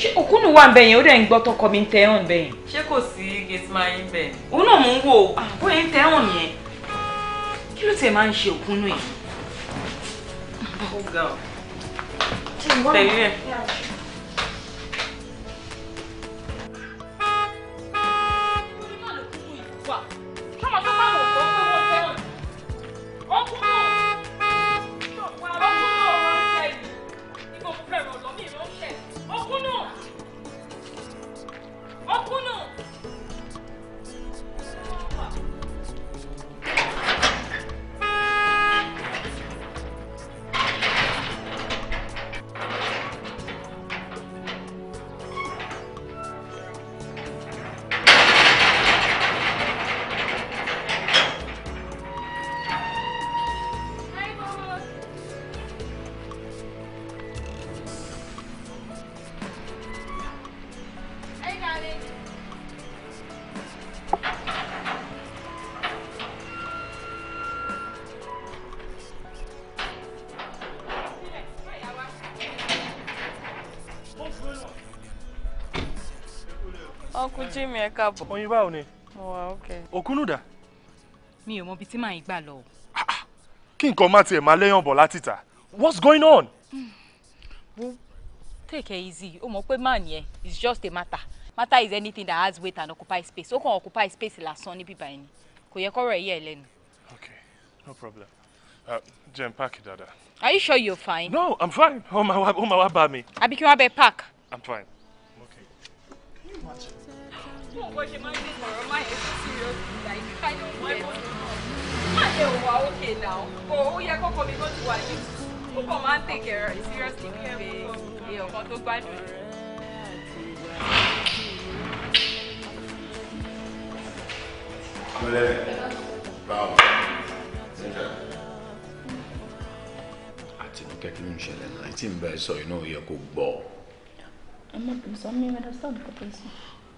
ṣé òkúnnù wà nbẹ yẹn ó dẹ̀ ń gbọ́ tọkọ mi ń tẹ ẹ̀hún nbẹ yẹn. ṣé kò sí gate máa yín bẹ̀. òun náà mò ń wò ó ah, bóyá ń tẹ yẹn kí ló tiẹ̀ máa ń ṣe òkúnnù yẹn. Ah, ó ga ọ tẹ̀lé ẹ̀. Jimmy ẹ káàbọ̀. Oyin báwo ni? Mo wà okay. Òkúnnù Mi ò mọ ibi tí màá gbà lọ. Kí nǹkan má tiẹ̀ máa léyàn bọ̀ láti tà. What's going on? Wo take it easy. O mọ̀ pé man yẹn is just a matter. Matter is anything that has weight and occupy space. Ó kàn occupy space lásán níbí báyìí ni. Kò yẹ kọ́rọ̀ ẹ̀yẹ́ ẹ lẹ́nu. Okay, no problem. Uh, Jen, pack it, Dada. Are you sure you're fine? No, I'm fine. Oh my, oh my, oh my, me. Abike, you have I'm fine. I'm okay. imagine? I don't mind okay now. Oh, yeah, Coco, because you are used. Who come and take care seriously, baby? Yeah, ọkàn tó gbádùn. Mọ̀lẹ́ báwo níjà. Àti ní kẹ́kí ló ń ṣẹlẹ̀ náà, tí ń bá ẹ sọ iná yẹ kó gbọ́. Ẹ má bẹ̀rẹ̀ sọ, mi ò mẹ́ta sọ́ọ̀dù kọ́kọ́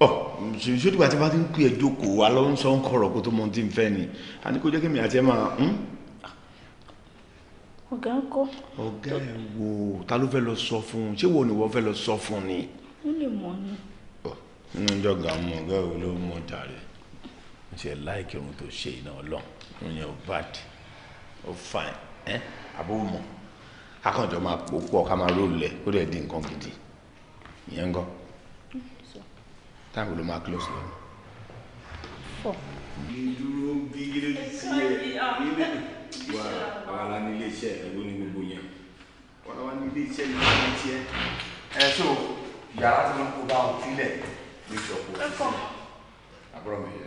ṣòṣòdìgbà tí wọ́n ti ń pè é jókòó wa ló ń sọ ń kọ̀rọ̀ kó tó mọ tí ń fẹ́ ni a ní kó jẹ́ kí mi àti ẹ̀ máa hmm? ọ̀gá kọ́. ọ̀gá ẹ̀ wò ta ló fẹ́ lọ sọ fún un ṣé wo ni wọ́n fẹ́ lọ sọ fún un ni. ó lè mọ̀ ni. nínú ìjọ ga mọ ọ̀gá ìwé ló mọ jàre mo ṣe láìkí ohun tó ṣe iná ọlọ́run òun yẹn ó bad ó fine ẹ àbó mọ akànjọ máa pò pọ̀ ká máa rò lẹ̀ kó dẹ̀ di nǹkan gidi ìyẹn ń kọ́ táwọn ló máa close lọ. fọ. mi dúró bí ilé sí ẹ um, ilé wà um, wà lá ní iléeṣẹ́ ẹgbẹ ní gbogbo yẹn wà lá wà ní iléeṣẹ́ ní gbogbo yẹn ẹ so yàrá tí wọn kó bá wọn sílẹ̀ ní ìṣọpọ àbúrò mi yẹ.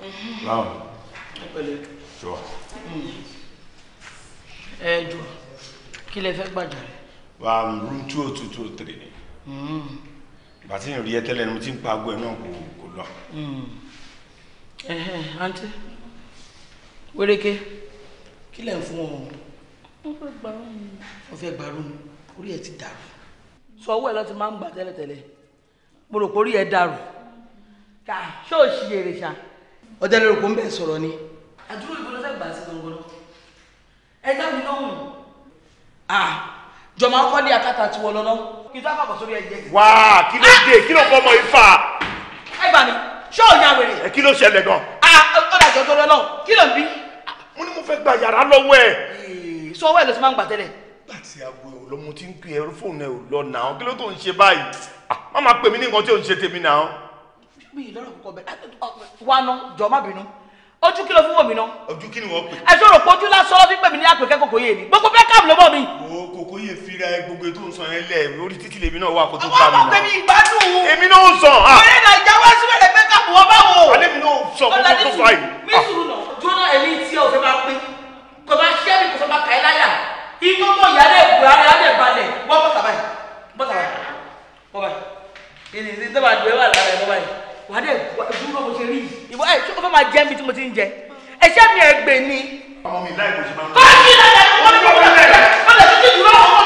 Mm-hmm. báwo. sọ. ẹ jọ mm. kí lẹ fẹ́ gbàjà rẹ. wà á room two oh two two oh three ni. Mm ìgbà tí ìrìn rí ẹ tẹ́lẹ̀ ni mo ti ń pa aago ẹ náà kò kò lọ. Hmm. àǹtí wéréke kí lẹ̀ ń fún wọn. wọ́n fẹ́ gbà rún mi. wọ́n fẹ́ gbà rún mi orí ẹ ti dàrú. sọ owó ẹ lọ ti máa ń gbà tẹ́lẹ̀tẹ́lẹ̀ mo rò pé orí ẹ dàrú ká ṣóòṣì èrè ṣá ọ̀dẹ̀ lórí kò ń bẹ̀ sọ̀rọ̀ ni. àdúró ìbọn ló fẹ́ gbà sí gbọ̀ngàn ẹ̀dá mi lọ́hùn jọ̀mọ́ akọ́lé akátá ti wọ lọ́lọ́ kí n sábà bọ̀ sórí ẹ̀jẹ̀. wá kí ló dé kí ló fọ́ ọmọ ifá. ẹ gbà mí ṣé ò ya wèrè. ẹ kí ló ṣẹlẹ̀ gan. a ọ̀dà jọ̀jọ̀ lọ náà kí ló ń bí. mo ní mo fẹ́ gba yàrá lọ́wọ́ ẹ̀. sọ wẹ́ẹ̀ ló ti máa ń gbà tẹ́lẹ̀. láti àgbo ẹ̀ lọ́mọ tí ń pè ẹ́ fóònù ẹ̀ ò lọ náà kí ló tó ń ṣe báyìí. má máa pè mí ní nǹkan tí ò ń ojú kí ló fún wọ̀mí náà. ojú kí ni wọ́n pè. ẹ̀sùn rò pé ojú lásán lọ́dún pèmí ní àpèkẹ́ kòkó yé ni gbogbo bẹ́ẹ̀kàm ló mọ̀ mi. o kòkó yé fira ẹ gbogbo ètò ìsàn yẹn lẹ orí títí lèmi náà wà kó tó bá mi náà. ọmọ tèmi ìgbádùn. èmi náà ń sàn. wẹ́rẹ́ ah. náà ìjà wá síbẹ̀ lẹ bẹ́ẹ̀kàm wọ́n bá wò. alẹ́ mi náà sọ kókó tó fà yìí. mi sùn náà jóná ẹ̀mí tí o fẹ́ máa pín kò bá ṣẹ́ mi kò fẹ́ máa kà é láyà inú mọ̀ ìyá rẹ̀ ìgbà rẹ̀ á lè balẹ̀ wọ́n wà á dẹ̀ dúró bó ṣe rí yìí. ìwọ ẹ ṣé o fẹ́ máa jẹ́ mi tí mo ti ń jẹ ẹṣẹ́ mi ẹ̀ gbè ni. ọmọ mi láì kò sí máa ń. kọ́ńtì lẹ́yìn ọmọ mi kò sí lẹ́yìn ọmọ mi kò sí lẹ́yìn ọmọ mi kò sí lẹ́yìn ọmọ mi kò sí lẹ́yìn ọmọ mi kò sí lẹ́yìn ọmọ mi kò sí lẹ́yìn ọmọ mi kò sí lẹ́yìn ọmọ mi kò sí lẹ́yìn ọmọ mi kò sí lẹ́yìn ọmọ mi kò sí lẹ́yìn ọmọ mi kò sí lẹ́yìn ọmọ mi kò sí lẹ́yìn ọmọ mi kò sí lẹ́yìn ọmọ mi kò sí lẹ́yìn ọmọ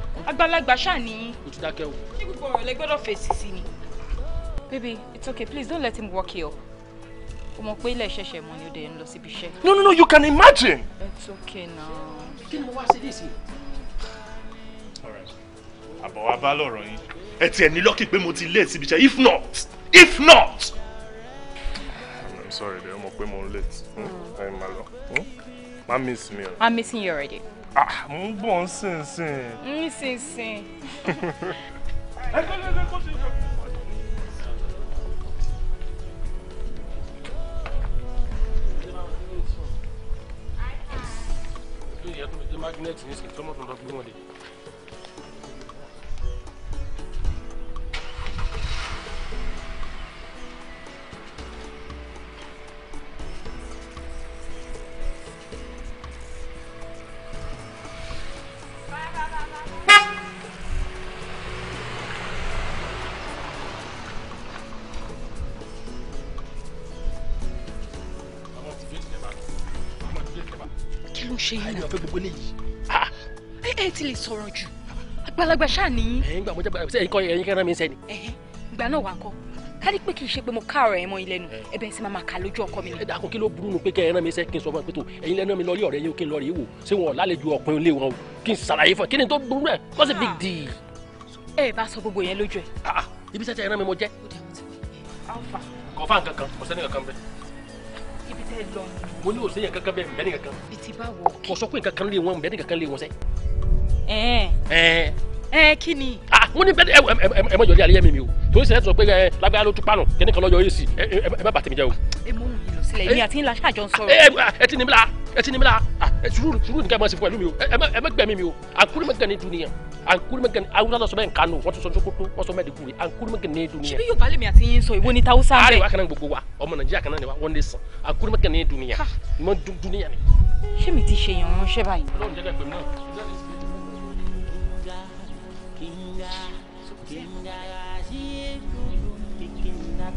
àgbàlagbà ṣáà ni. kò ti dákẹ́ o. ní gbogbo ọ̀rọ̀ lẹ gbọ́dọ̀ fèsì sí ni. baby it's okay please don't let him walk here o mọ̀ pé ilé ìṣẹ̀ṣẹ̀ mọ̀ ni o dẹ̀ ń lọ síbi iṣẹ́. no no no you can imagine. it's okay now. kí ni mo wá sí dé sí. àbọ̀ wa bá lọ̀rọ̀ yín ẹ tiẹ̀ ní lọ́kì pé mo ti lé síbi iṣẹ́ if not if not. I'm sorry, they almost went on late. Mm. Mm. I'm alone. Mm? I'm missing you. I'm missing you already. Ah, mo ń bọ̀ ń sìn sìn. ń sìn sìn. ẹ kọ́ ló ló kó ṣe jọ. magnet ní sèké ṣe yín náà. àyè ọ̀fẹ́ gbogbo léyìí. ẹ ẹ ti lè sọ̀rọ̀ jù àgbàlagbà ṣáà nìyí. ẹ̀yin gbà mo jẹ́ gbàgbà ẹ̀yin pé kì í ṣe pé mo káàrọ̀ ẹ̀ mọ́ ilé nu ẹ̀bẹ̀ ẹ̀ sì máa kà lójú ọkọ mi. ẹ dàkún kí ló burú nu pé kẹ́ ẹran mi sẹ́ kí n sọ fún ẹ pé tó ẹ̀yin lẹ́nu mi lọ́rí ọ̀rẹ́ yín kí n lọ́ọ́ rí wò ṣé wọn ò lálejò ọ̀pin ilé wọn o kí n ṣàlàyé fún ẹ kí ni tó burú ẹ what's the big deal. ẹ bá sọ gbogbo yẹn lójú ẹ. Ah, ah, ibi sẹ́tẹ̀ ẹran mi mo jẹ́. kọ̀ọ̀fà kankan kò sẹ́ni kankan bẹ́ẹ̀ tẹ́ lọ. mo ní òsèyàn kankan bẹ́ẹ̀ mbẹ́ni kankan. bí bá wọ. mo sọ pé kankan lé wọn mbẹ́ni kankan lé wọn sẹ́. ẹ̀ẹ́. ẹ̀ẹ́ ẹ kí ni. mo ní bẹ́ẹ̀ ẹ mọ jọ̀lẹ́ àlẹ́ yẹn mi o torí sẹ́yìn sọ pé ẹ lágbára ló tún pààlọ̀ kẹ́ni kan lọ́jọ́ yé sí ẹ má bàtẹ́ mi jẹ́ o. ẹ mú mi lọ sílẹ̀ èmi àti ńlá ṣáàjọ ń sọ̀rọ̀. ẹ ti ní mi la ẹ ti ní mi la sùúrù sùúrù nìkan ẹ má ṣe fún pẹ̀lú mi o ẹ má gbẹ̀mí mi o àkúrú mẹ́gàn ní duniya àkúrú mẹ́gàn awúsá lọ sọ bẹ́ẹ̀ nkánu wọ́n tún sọ sokoto wọ́n sọ mẹ́ẹ̀dì kúri àkúrú mẹ́gàn ní duniya. ṣebí yóò bá lèmi àti yín sọ ìwọ ni tawusa bẹ́ẹ̀. àríwá kanáà gbogbo wa ọmọ nàìjíríà kanáà ni wa wọ́n lè sàn àkúrú mẹ́gàn ní duniya mọ́ duniya ni. ṣé mi ti ṣèyàn ránṣẹ́ báyìí. ọlọ́run jẹ́ kẹ́ pẹ̀lú náà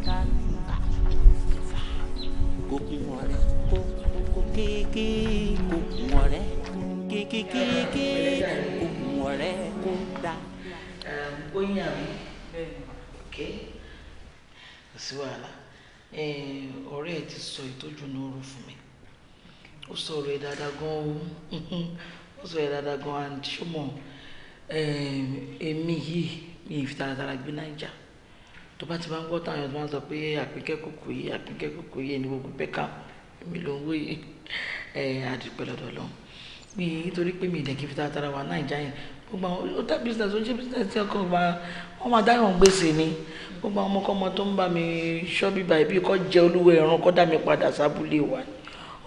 sí wàhálà ọ̀rẹ́ ẹ̀ ti sọ ìtọ́jú náà rò fún mi ó sọ ọ̀rọ̀ ẹ̀ dáadáa gan o ó sọ ẹ̀ dáadáa gan and ṣọmọ èmi yìí mi ì fi taratara gbé náà jà tó bá ti bá ń gbọ́ táwọn tó máa sọ pé àpínkẹ́ yìí àpínkẹ́ yìí ni gbogbo pẹ́ka mi ló ń wé àdìpẹ́ lọ́dọ̀ lọ mi nítorí pé mi ìdẹ̀kí fi tara wa náìjà yẹn gbogbo àwọn ó tẹ́ business ó ń ṣe business tí ọkọ̀ gba wọ́n máa dáhùn gbèsè ni gbogbo àwọn ọmọkọ́mọ tó ń bá mi ṣọ́ bíbá ibi kọ́ jẹ́ olúwo ẹ̀ràn kọ́ dá mi padà sábúlé wa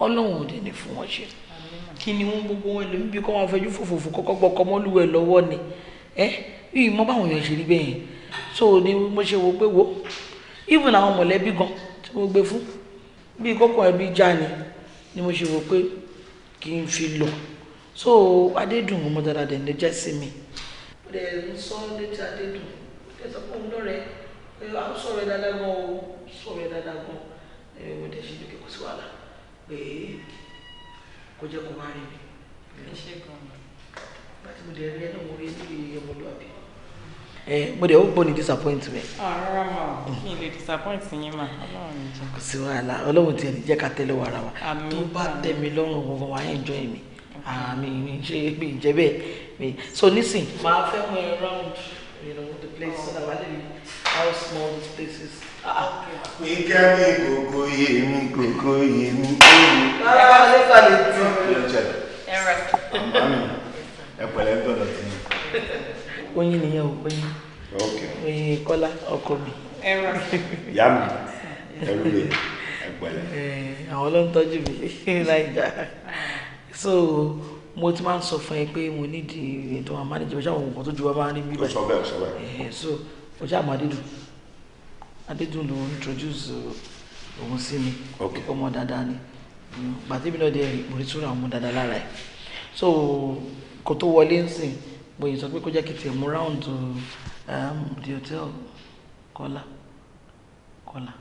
ọlọ́run ò dẹ̀ ní fún wọn ṣe kí ni wọn gbogbo wọn lèmi bí kọ́ wọn fẹjú fòfòfò kọ́kọ́ gbọ́kọ́ mọ́lúwẹ̀ lọ́wọ́ ni ẹ́ yìí mọ́ báwọn èèyàn ṣe rí bẹ́ẹ̀ yẹn so ni mo ṣe wo pé wo even àwọn mọ̀lẹ́bí gan tí mo gbé fún bí kókó ẹbí já ni ni mo ṣe wo pé kí n fi lọ so adédùn ọmọ dáadáa dẹ̀ ló jẹ́ sí mi. ó lè ń sọ létí adédùn ó lè sọ pé òun lọ́rẹ̀ ẹ à ń sọ̀rọ̀ ẹ dáadáa gan o sọ̀rọ̀ ẹ dáadáa gan ẹ mo dẹ̀ ṣe lókè kó sí wàhálà pé kó jẹ́ kó wá rí mi. ẹ ṣe gan-an. bá ti mo dẹ̀ rí ẹ náà mo rí ẹ níbi ọmọlúwàbí ẹ eh, mo dẹ̀ ó gbọ́ ní disappoint mi. Ah, rárá mà ó kí n lè disappoint yín mà ọlọ́run ní jẹ́. kò sí wàhálà ọlọ́run tiẹ̀ lè jẹ́ ká tẹ́lẹ̀ wà ara wa tó bá tẹ̀ mí lọ́rùn gbọ̀ngàn wà mi àmì mi ṣe mi jẹ́ bẹ́ẹ̀ mi so nísìn. màá fẹ́ mọ ẹ round you know, the place oh. so that wàá lè rí how small this place is. mi kẹ́ mi gbogbo yé mi gbogbo yé mi kó mi. rárá lè kà lè tún. ẹ rẹ ẹ pẹ̀lẹ́ gbọ́dọ̀ tún. oyin nìyẹn o oyin oyin kọ́lá ọkọ mi. ìyá mi ẹrú mi ẹgbẹ̀lẹ̀. so mo ti máa ń sọ fún ẹ pé mo nídìí ètò àwọn mánéjì ọjà àwọn nǹkan tó ju bàbá rí bíbẹ. so ọjà àmọ́ adédùn adédùn ló ń introduce òun sí mi ọmọ dáadáa ni gbàtí mi náà dé mo rí túnra ọmọ dáadáa lára ẹ so kò tó wọlé ń sìn bóyá sọ pé kó jẹ́ kí tiẹ̀ mú round to um, the hotel kọ́lá kọ́lá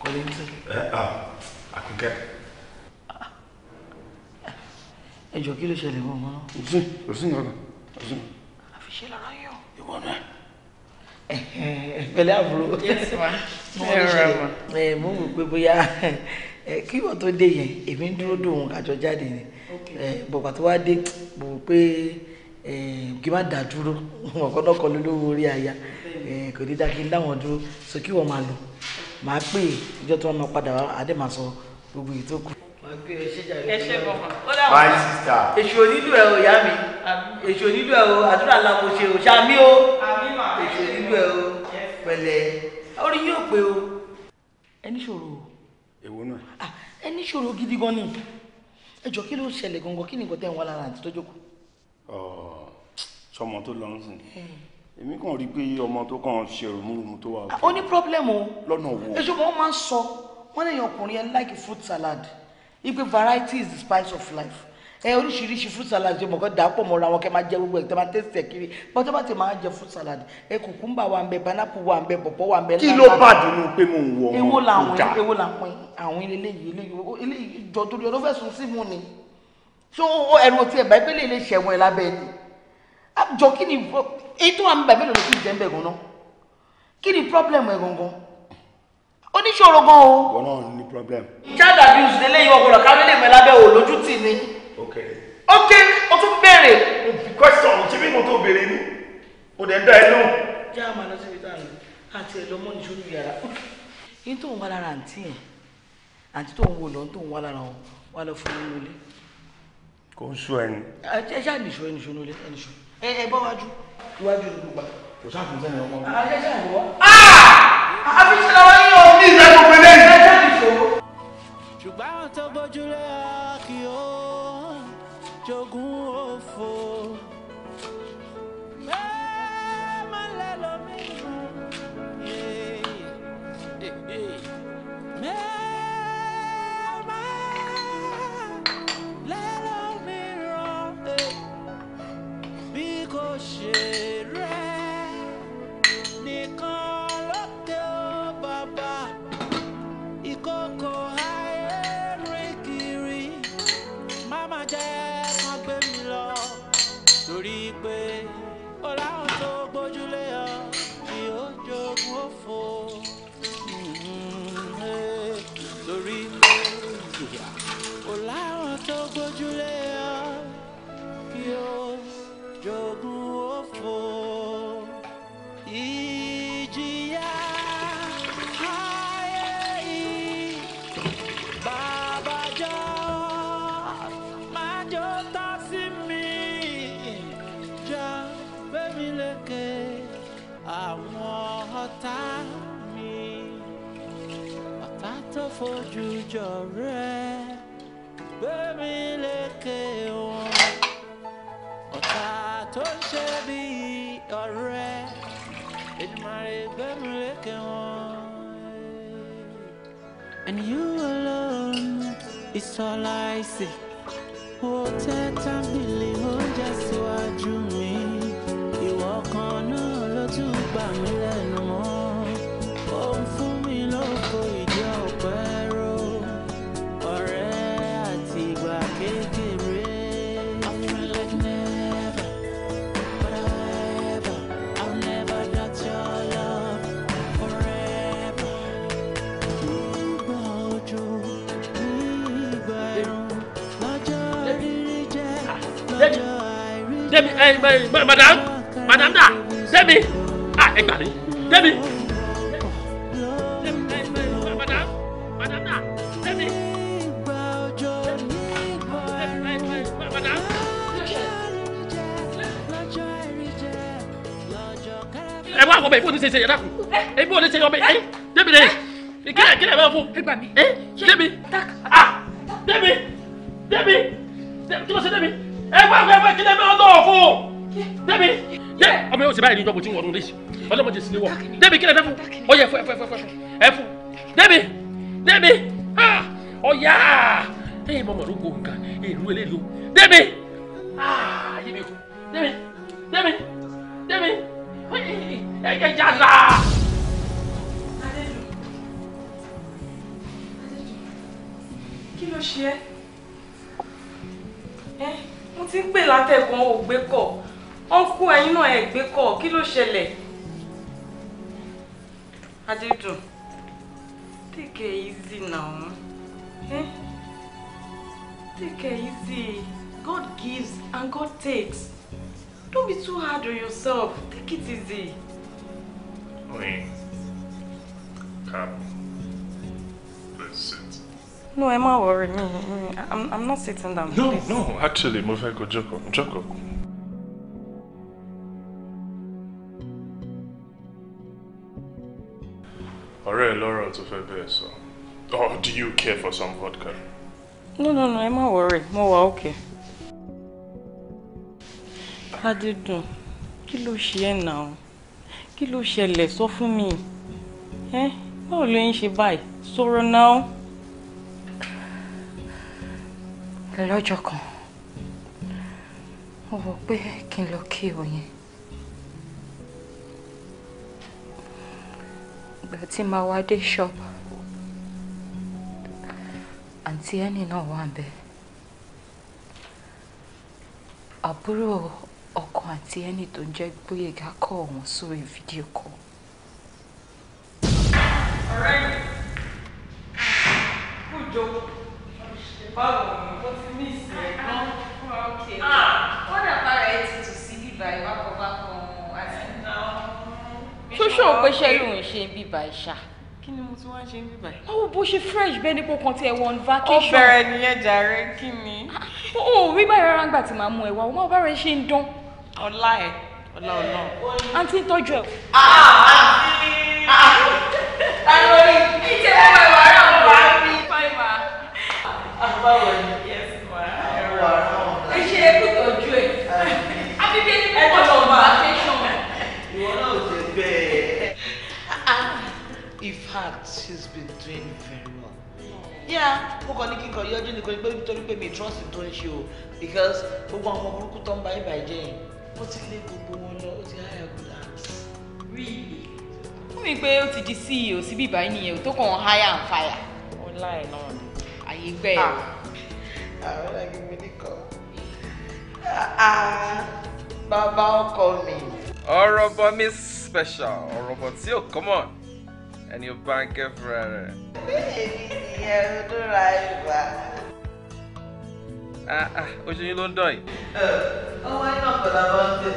kọ́lẹ́ntì. ẹ ẹ àkùkẹ́. ẹ jọ kí ló ṣẹlẹ̀ mọ́ ọmọ náà. kò sí kò sí nǹkan kan yọ. ìwọ náà. pẹ̀lẹ́ àbúrò. ẹ rẹ mọ. ẹ mú pé bóyá kí wọ́n tó dé yẹn èmi ń dúró dòun àjọ jáde ni bọ̀gbà tó wá dé bò pé. Okay. Eh, kí n má dà dúró ọ̀kọ́dọ̀ kọ́ lólówó orí aya eh, kò ní dákí láwọn dúró so kí wọ́n máa lò máa pè é ìjọ tí wọ́n máa padà wá adé máa sọ gbogbo èyí tó kù. ẹ ṣe bọ̀mọ̀ ó dáhùn èṣù onílù ẹ̀ o ìyá mi èṣù onílù ẹ̀ o àdúrà làwọn ṣe o ṣàmì o èṣù onílù ẹ̀ o pẹ̀lẹ́ orí yóò pé o. ẹni ṣòro o. èwo náà. Ah, ẹni ṣòro gidi gan ni ẹ jọ kí ló ṣẹlẹ̀ gangan kí ni nǹkan tẹ́ ń wá lára àti tó jókòó. Oh sọmọ tó lọ ń sìn hmm. èmi kàn rí i pé ọmọ tó kàn ṣe òrùmùrùmù tó wà. Ah, ó ní pírọ́blẹ̀mù o èso kan máa ń sọ wọ́n lè yan ọkùnrin ẹ̀ like fruit salad ipe variety is the spice of life ẹ oríṣiríṣi fruit salad ṣe mọ̀kọ́ dà pọ̀ mọ́ra wọn kẹ́ máa jẹ gbogbo ẹ̀ tẹ́ máa tẹ́sí ẹ̀ kiri bọ́n tó bá ti máa jẹ fruit salad ẹ kùkúmbà wà ń bẹ pineapple wà ń bẹ pọ̀pọ̀ wà ń bẹ. kí ló bá dunu pé mo ń wọ ọmọ tó dà ewo làwọn àwọn eléyìí eléyìí jọ torí ọdún fẹ̀sùn sí ni so ẹnu ti ẹ̀ bá ẹgbẹ́ lè àjọ ah, kí ni èyí tó wà ń bẹ̀ mélòó ló ti jẹ́ ń bẹ̀ gan-an kí ni problem ẹ̀ gangan oníṣòro gan o. wọn náà ní problem. child abuse lè léyìn ọgbọdọ kárí lè mẹlábẹ ò lójú tì ní. ok ok o tún béèrè. question ti mímu tó béèrè ni o dẹ̀ ń dá ẹ lóhùn. jẹ́ àmà lọ síbi tá à ń lọ àti ẹ̀ lọ́mọ nìṣó ní yàrá. yín tó ń wá lára àǹtí yẹn àǹtí tó ń wò lọ́n tó ń wá lára wọn wá lọ fún mi nílé. kò ń sọ ẹni. ẹ ṣáà nìṣó ẹnìṣó nílé ẹnìṣó ẹ ẹ bọ́ wájú. iwájú ló gbà kò sáfún sẹ́yìn ọmọ mi. àjẹsẹ̀ ah, ìwọ. Ah! Ah, àfi ṣe lọ́wọ́ yín o. ní ìfẹ́ gbogbo eléyìí. ẹ jẹ́ ìṣòro. ṣùgbọ́n tó bójúlé kí o jogún òfò. mẹ́ẹ̀mọ́lẹ́lómi. shit. madam madam da débi ah ẹ gbà mí madam madam da débi. ẹ wá àwọn ọmọ ìbò ní ṣe ṣe yàrá kù ìbò ní ṣe ọmọ ẹ débi rẹ ìkíni ìkíni ẹ bá fún. ẹ gbà mí. báyìí níjọ́ mo ti ń wọnú léṣe ọlọ́mọdé sì ni wọ débi kílẹ̀ fẹ́ fún ọyẹ fún ẹfún ẹfún ẹfún débi débi ọyà ẹyìn mọ̀mọ́ ló gbòǹkà ìlú eléyìí o débi yébi o débi débi débi ẹyẹ jàdá. kí ló ṣe ẹ́ mo ti ń pè látẹ̀kùn ògbé kọ̀ ọkú ẹ̀yin náà ẹ gbé kọ kí ló ṣẹlẹ̀ adédùn take it easy now eh? take it easy God gives and God takes don't be too hard on yourself take it easy. oyin calm let's sit. no I'm not worried. I'm, I'm not sitting down. no please. no actually mo fẹ́ kó jókòó ọ̀rẹ́ ẹ lọ́rọ̀ tó fẹ́ bẹ́ẹ̀ sọ oh do you care for some vodka. no no no ẹ má wọrẹ mo wà òkè. adédùn kí ló ṣe ẹ́ náà kí ló ṣẹlẹ̀ sọ fún mi ẹ báwo ló ń ṣe báyìí sọ̀rọ̀ náà. lọ́jọ́ kan mo wọ pé kí n lọ kí òyìn ìgbà in my wide shop Auntie ẹni no wà bẹ A ọkọ àǹtí ẹni tó ń jẹ́ Gbóyèga kọ call, sórí fídíò kọ. ọ̀rẹ́ mi kú jọ báwo ni ó ti ní ìsìn ẹ̀gbọ́n. ó dàbára ẹ ti tù ṣóṣó ò pé iṣẹ́ ṣe ń bíbà ìṣá. kí ni mo ti wá ṣe ń bíbà yìí. báwo bó ṣe fresh bẹ́ẹ̀ nípò kan tí ẹ wọ vacation. ó bẹ̀rẹ̀ nìyẹn jàre kí ni. o ò rí báyìí rárá ńgbà tí màá mú ẹ wá o má bá rẹ ṣe ń dán. ọlá ẹ ọlá ọlá. àǹtí tọ́jú ẹ. àǹtí ẹ̀rọ ìjẹ́ ẹ̀rọ ìwà rẹ̀ wá. báwo ni yes ma ẹ̀rọ. yeah mo kàn ní kí n kàn yọjú nìkan pé nítorí pé mi trust tó ń ṣe o because gbogbo àwọn burúkú tó ń bá ibà jẹ́ yìí ó ti lé gbogbo wọn lọ ó ti hire gulabs. really fún mi pé ó ti di ceo síbí ìbáyìí nìyẹn tó kàn hire and fire. online náà ni. àyè gbẹ. àwọn ọ̀làgbé mi nìkan ah, bàbá ọkọ mi. ọ̀rọ̀ bọ̀ mi special ọ̀rọ̀ bọ̀ tí ò kọ́mọ̀ and your bank friend. Yeah, right Ah, ah, what should you don't die? Uh, oh, I know, but I want to.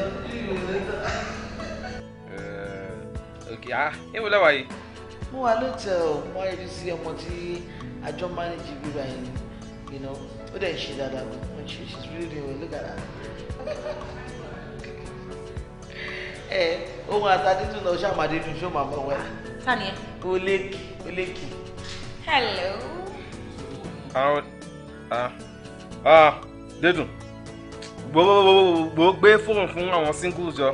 Uh, okay, ah, ẹ wò lẹ́wà yìí. Mo wà lóòótọ́ o, mo wá rí sí ọmọ tí àjọ mánéjì bíbá yìí, you know, but then ṣe that but she, she's really doing look at her. Ẹ eh, ohun àtàdé tún lọ ṣàmàdé dùn ṣó màmá wa ta ni ẹ. olékì olékì. hello. àwọn ah ah dédùn gbogbo gbé fóònù fún àwọn singles jọ.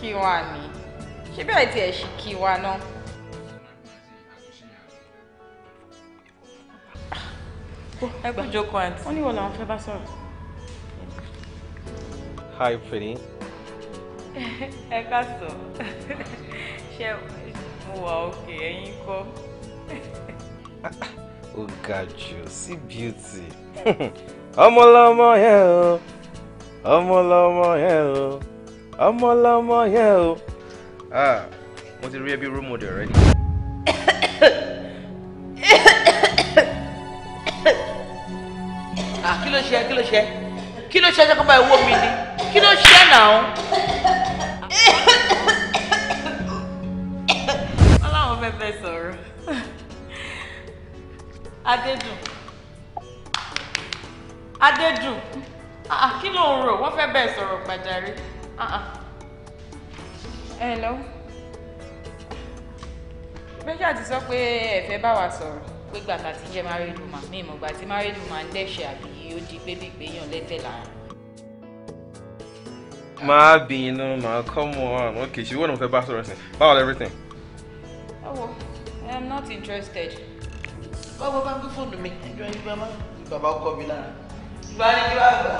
kí wàá ní ṣé bẹ́ẹ̀ tiẹ̀ ṣì kí wàá náà. ẹgbẹ́ jókòó àǹtí. ó ní wọ́n làwọn fẹ́ bá sọ̀rọ̀. hi pretty. ẹ ká sọ. ṣé mo wà òkè ẹ̀yin kọ́. ó ga jù sí beauty ọmọlọmọ yẹn o ọmọlọmọ yẹn o ọmọlọmọ yẹn o. mo ti rí ẹbí role model already. kí ló ṣe kí ló ṣe kí ló ṣe ẹjọ́ kó bá ẹ wó mi ni kí ló ṣe náà. fẹ́ bẹ́ẹ̀ sọ̀rọ̀ adédùn adédùn ah, ah, kí ló ń rò wọ́n fẹ́ bẹ́ẹ̀ sọ̀rọ̀ gbàjáre. Ah, hello bẹ́ẹ̀ àti sọ pé ẹ̀fẹ́ bá wa sọ̀rọ̀ pé gbàtà ti jẹ́ married woman mi ìmọ̀ gbà tí married woman ń dẹ̀ṣẹ̀ àbí ó di bébí gbéyàn lẹ́tẹ̀ lára. máa bínú máa come on okay ṣùgbọ́n mo fẹ́ bá sọ̀rọ̀ sí báwo everything ọwọ I am not interested. báwo bá ń gbé fóònù mi ẹjọ́ ẹni bá má bàbá ọkọ mi lára ìgbà ni kí wàá gbà.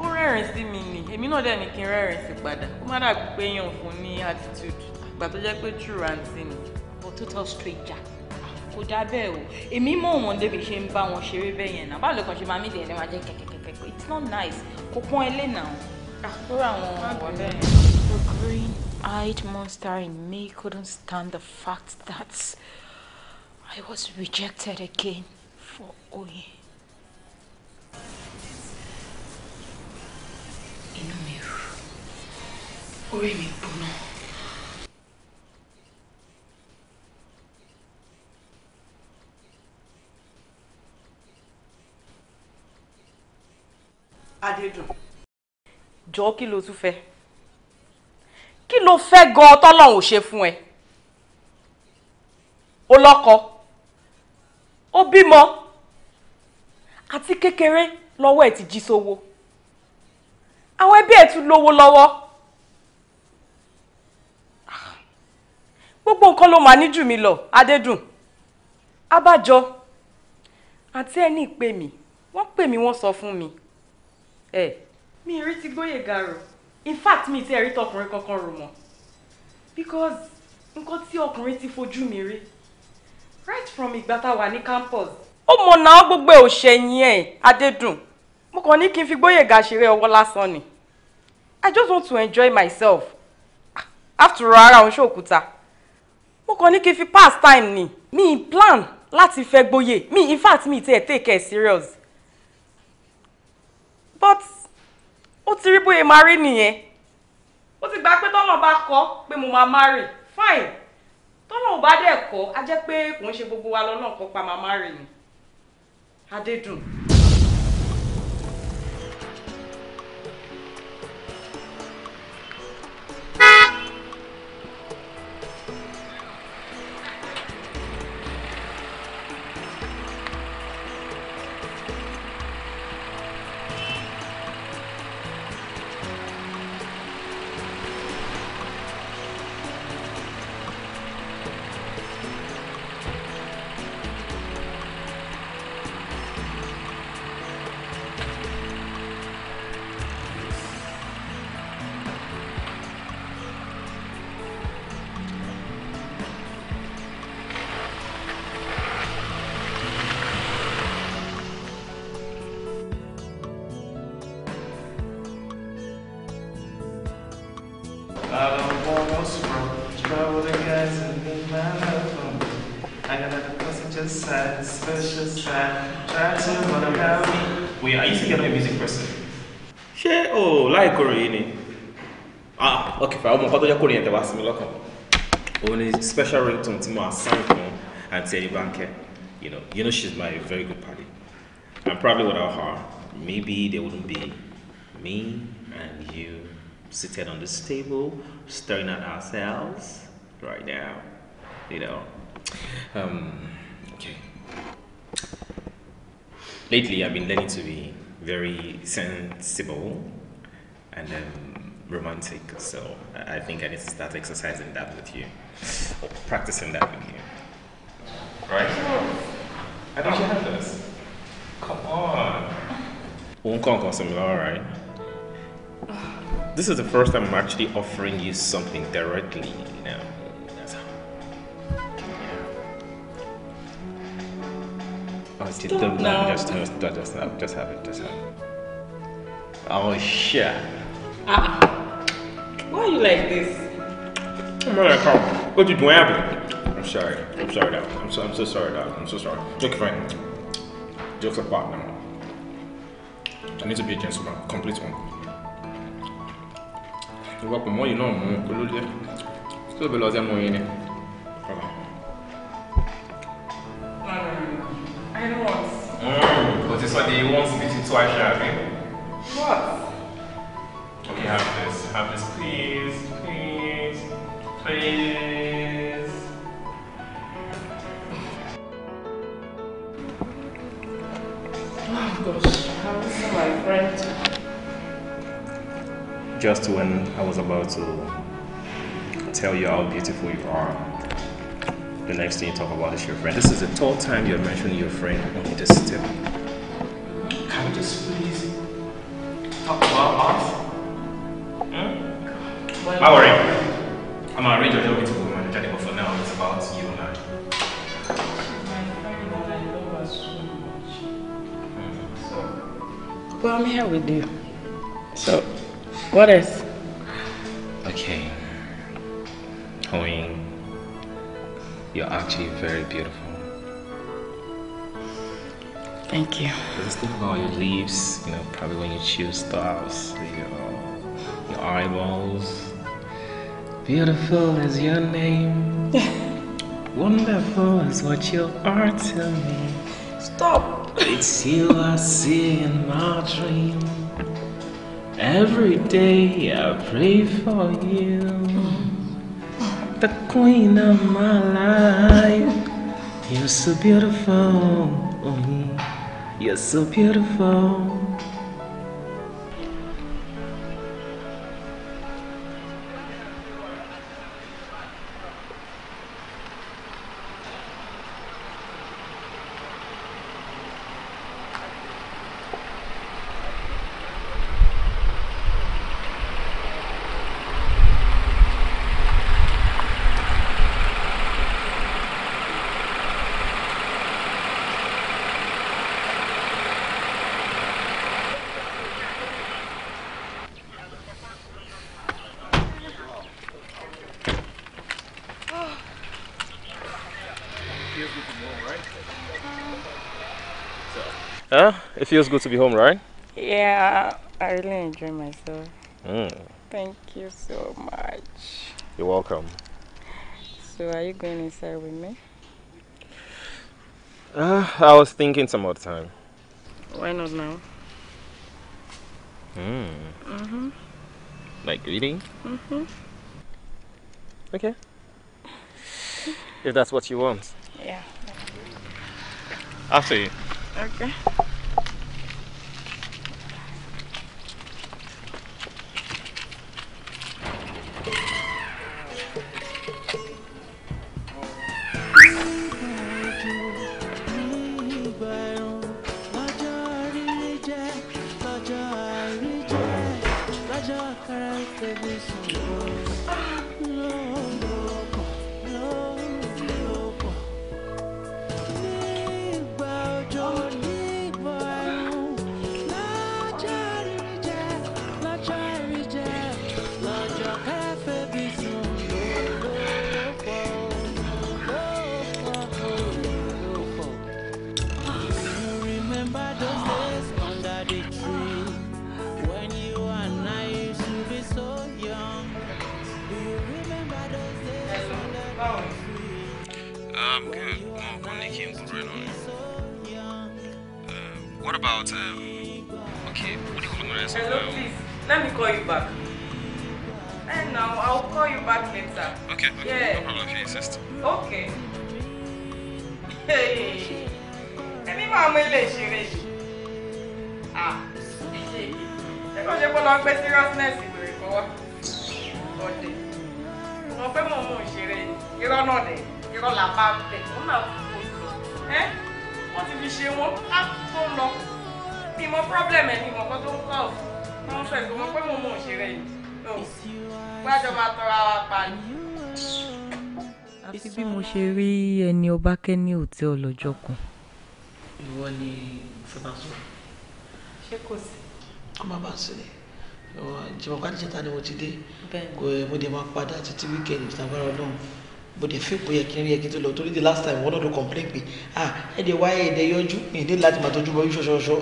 ó rẹ́rìn sí mi ni èmi náà dẹ̀ ní kí n rẹ́rìn sí padà ó má dàbí pé èèyàn fún ní attitude ìgbà tó jẹ́ pé true àǹtí ni. but total stranger kò dá bẹ́ẹ̀ o èmi mọ̀ wọ́n débi ṣe ń bá wọn ṣeré bẹ́ẹ̀ yẹn náà báwo lè kàn ṣe máa mí lẹ́yìn máa jẹ́ kẹ̀kẹ́kẹ́kẹ́ it's not nice kò pọ́n ẹlẹ́ náà àkórà àwọn ọ̀wọ́ bẹ́ẹ̀. the green-eyed monster in me couldn't stand the fact that I was rejected again for Oye. inú mi rú orí mi gbóná. adédùn. jọ kí ló tún fẹ́ kí ló fẹ́ gan-an tọ́lọ́run ò ṣe fún ẹ ó lọ́kọ ó bímọ àti kékeré lọ́wọ́ ẹ̀ ti jí sówó àwọn ẹbí ẹ̀ tún lówó lọ́wọ́ gbogbo nǹkan ló máa ní mí lọ adédùn abájọ àti ẹni ìpè mí wọ́n pè mí wọ́n sọ fún mi ẹ. mi rí ti Gbóyèga garo. in fact mi ti ẹ̀rí tọkùnrin kankan rò mọ́ because nǹkan tí ọkùnrin ti fojú mi rí right from ìgbà tá a wà ní campus. ó mọ̀ náà gbogbo ẹ̀ ò ṣẹ̀yìn ẹ̀ adédùn mo kàn ní kí n fi Gbóyèga ṣeré ọwọ́ lásán ni i just want to enjoy myself after all ara òun ṣòkúta mo kàn ní kí n fi pass time ni mi plan láti fẹ́ gbóyè mi in fact mi ti ẹ̀ take care serious but ó ti rí bóyá máa rí nìyẹn ó ti gbà pé tọ́lọ̀ bá kọ́ pé mo máa marry fine tọ́lọ̀ ò bá dẹ̀ kọ́ á jẹ́ pé kò ń ṣe gbogbo wa lọ́nà kọ́ pa máa marry ni adédùn. high-level passages and verses we are used to get a music person. Yeah. Oh, like kórè ah ok I'm going tó jẹ́ to yẹn tẹ̀ wá sí mi lọ́kàn òun special ringtone to mo assign fún àǹtí ẹ̀yìn you know you know she's my very good i and probably without her maybe there wouldn't be me and you sitting on this table staring at ourselves right now you know um, okay. Lately, I've been learning to be very sensible and um, romantic, so I think I need to start exercising that with you, or practicing that with you. Right? I don't you have this. Come on. will This is the first time I'm actually offering you something directly, you know. Oh, Stop did, don't, now. just, just, just, just have it, just have it. Oh, shit. Ah, why are you like this? I'm not like, oh, what you doing? I'm sorry. I'm sorry, dog. I'm so, I'm so sorry, dog. I'm so sorry. Look, friend. Just a partner. I need to be a gentleman. Complete one. You work more, you know, more. Cool, yeah. Still be lost, I'm more in Come on. Um, been once. Mm, but it's for the once bitten twice shy, okay? What? Okay, have this. Have this, please. Please. Please. Oh gosh, my friend. Just when I was about to tell you how beautiful you are the next thing you talk about is your friend. This is the third time you're mentioning your friend on this tip. Can we just please talk about us? Hmm? Well, Don't worry. I'm gonna arrange a little bit of my Johnny, but for now it's about you and I. Well, I'm here with you. So, what is? Okay. Hoeing, you're actually very beautiful. Thank you. Just think about your leaves, you know, probably when you choose stars, your eyeballs. Beautiful is your name. Wonderful is what you are to me. Stop! It's you I see in my dream. Every day I pray for you the queen of my life. You're so beautiful. Oh You're so beautiful. feels good to be home, right? Yeah, I really enjoy myself. Mm. Thank you so much. You're welcome. So are you going inside with me? Uh, I was thinking some other time. Why not now? Mm. Mm-hmm. Like reading? Mm-hmm. Okay. if that's what you want. Yeah. I'll see you. Okay. here in Burundi. Um, what about um? Okay, what do you call Hello, um, please. Let me call you back. And now I'll call you back later. Okay. okay yeah. No problem if you insist. Okay. Hey. Èmi máa mú ilé ìṣeré yìí. Ah. Ṣé kò ṣe kó lọ gbé seriousness ìbèrè kan wá? Okay. You're not pé mo mú ìṣeré yìí. Irọ́ náà dẹ̀. Irọ́ làbá ń Eh? wọ́n ti fi ṣe wọn á tó ń lọ mi mọ problem ẹ̀ mi mọ kó tó ń kọ́ ọ̀ fẹ́ kó mọ pé mo mọ òṣèré yìí gbájọ máa tọra wa pa ni. bí mo ṣe rí ẹni ọba kẹ́ni òtẹ́ ọlọ́jọ́ kan. ìwọ ni fẹ́ẹ́ bá sọ̀rọ̀. ṣé kò sí. ọmọ bá ń sílẹ̀ jìmọ̀ká ti ṣe ta ni mo ti dé mo dé máa padà títí wíkẹ́ndì tí a bó dẹ̀ fíìpù yẹ kí n rí ẹ kí n tó lọ torí the last time wọn náà ló complain pé ah ẹ dẹ̀ wáyé ẹ dẹ̀ yọjú mi ní láti máa tọ́jú bọ́yú ṣọṣọṣọ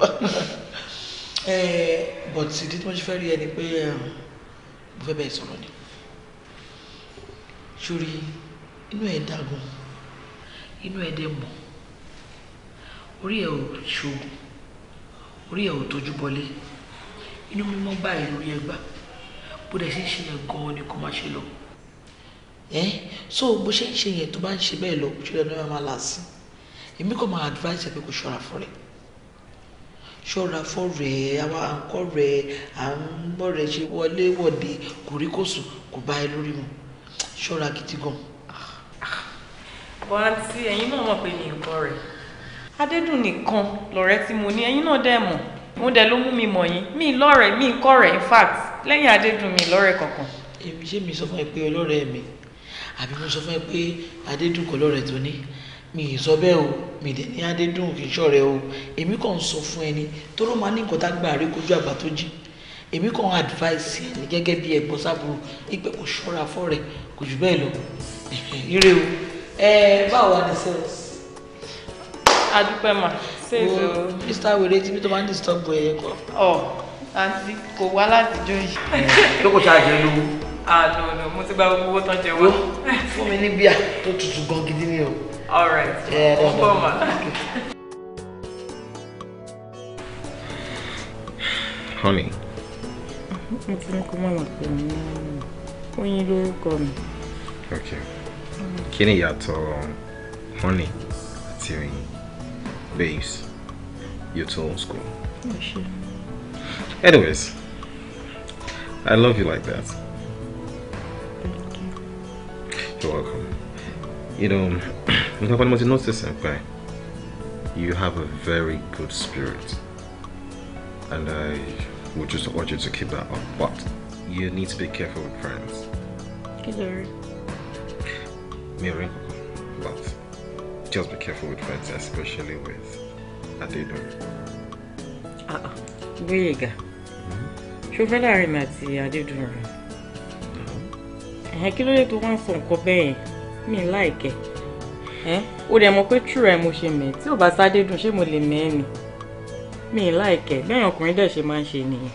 eh, but ìdí tí wọ́n ṣe fẹ́ rí ẹ ni pé um, mo fẹ́ bẹ́ẹ̀ sọ̀rọ̀ ni sórí inú ẹ̀ dágun inú ẹ̀ dẹ̀ mọ̀ orí ẹ̀ ò ṣoògùn orí ẹ̀ ò tójú bọlé inú mímọ́ báyìí lórí ẹ gbà bó dẹ̀ sì ń ṣe yẹn gan ni kó má ṣe lọ ẹ eh? so bó ṣe ń ṣe yẹn tó bá ń ṣe bẹ́ẹ̀ lọ ojú ẹ̀rọ náà máa là sí èmi kò máa advise ẹ pé kò ṣọ́ra fún rẹ ṣọ́ra fún rẹ àwọn àǹkọ́ rẹ àwọn ọmọ rẹ ṣe wọlé wọ̀de kò rí kò sùn kò bá ẹ lórí mu ṣọ́ra gidi gan. bọ́lá tí ẹ̀yin náà mọ̀ pé mi nǹkan rẹ̀ adédùn nìkan lọ̀rẹ́ tí mo ní ẹ̀yin náà dẹ̀ mọ̀ mo dẹ̀ ló mú mi mọ̀ yín mi lọ́rẹ̀ẹ́ mi kọ́rẹ̀ẹ́ in fact lẹ́yìn adédùn mi lọ́rẹ̀ẹ́ kankan. èmi ṣé mi sọ fún ẹ pé ọlọ́rẹ̀ẹ́ mi àbí mo sọ fún ẹ pé adédùn kọ́ lọ́rẹ̀ tó ní mi ì sọ bẹ́ẹ̀ o mi ì dẹ̀ ní adédùn kì í ṣọ̀rẹ́ o èmi kàn ń sọ fún ẹni tó ló máa ní nǹkan tá gbà rí kojú àgbà tó jí èmi kàn ń advice ẹni gẹ́gẹ́ bí ẹ̀gbọ́n sábúrò ìpè kò ṣọ́ra fọ́rẹ̀ kò jù bẹ́ẹ̀ lọ ire o ẹ báwo wà sales. adúpẹ́ mà sales o. mr wèrè tí mi tó máa ń disturb ẹ̀ yẹ kọ́. ọ àǹtí kò wá láti jó yìí. lókòtà àjẹlówó ah no no mo ti gba gbogbo owó tán jẹ wá. fún mi ní bíà tó tutù gan gidi ni o. all right mo bọ̀ mà. honey. mo ti ní kó má mà pè mí oyin lórúkọ mi. ok kí ni ìyàtọ̀ honey àti oyin babes you two old school. Anyways, I love you like that. You're welcome. You know, Mr. Panama, you notice, okay? You have a very good spirit. And I would just urge you to keep that up. But you need to be careful with friends. Sorry. Mary, but just be careful with friends, especially with Adeno. Ah, uh, Boyega. Ṣo fẹ́ láàrin mi àti Adédùn rẹ̀? ẹ kí ló dé tó wá ń sọ nǹkan bẹ́ẹ̀ mi láìkẹ́ ẹ ó dẹ̀ mọ̀ pé true ẹ mo ṣe mẹ́ tí ò bá sáde dùn ṣé mo lè mẹ́ ẹ ni mi láìkẹ́ bẹ́ẹ̀ ọkùnrin dẹ̀ ṣe máa ń ṣe nìyẹn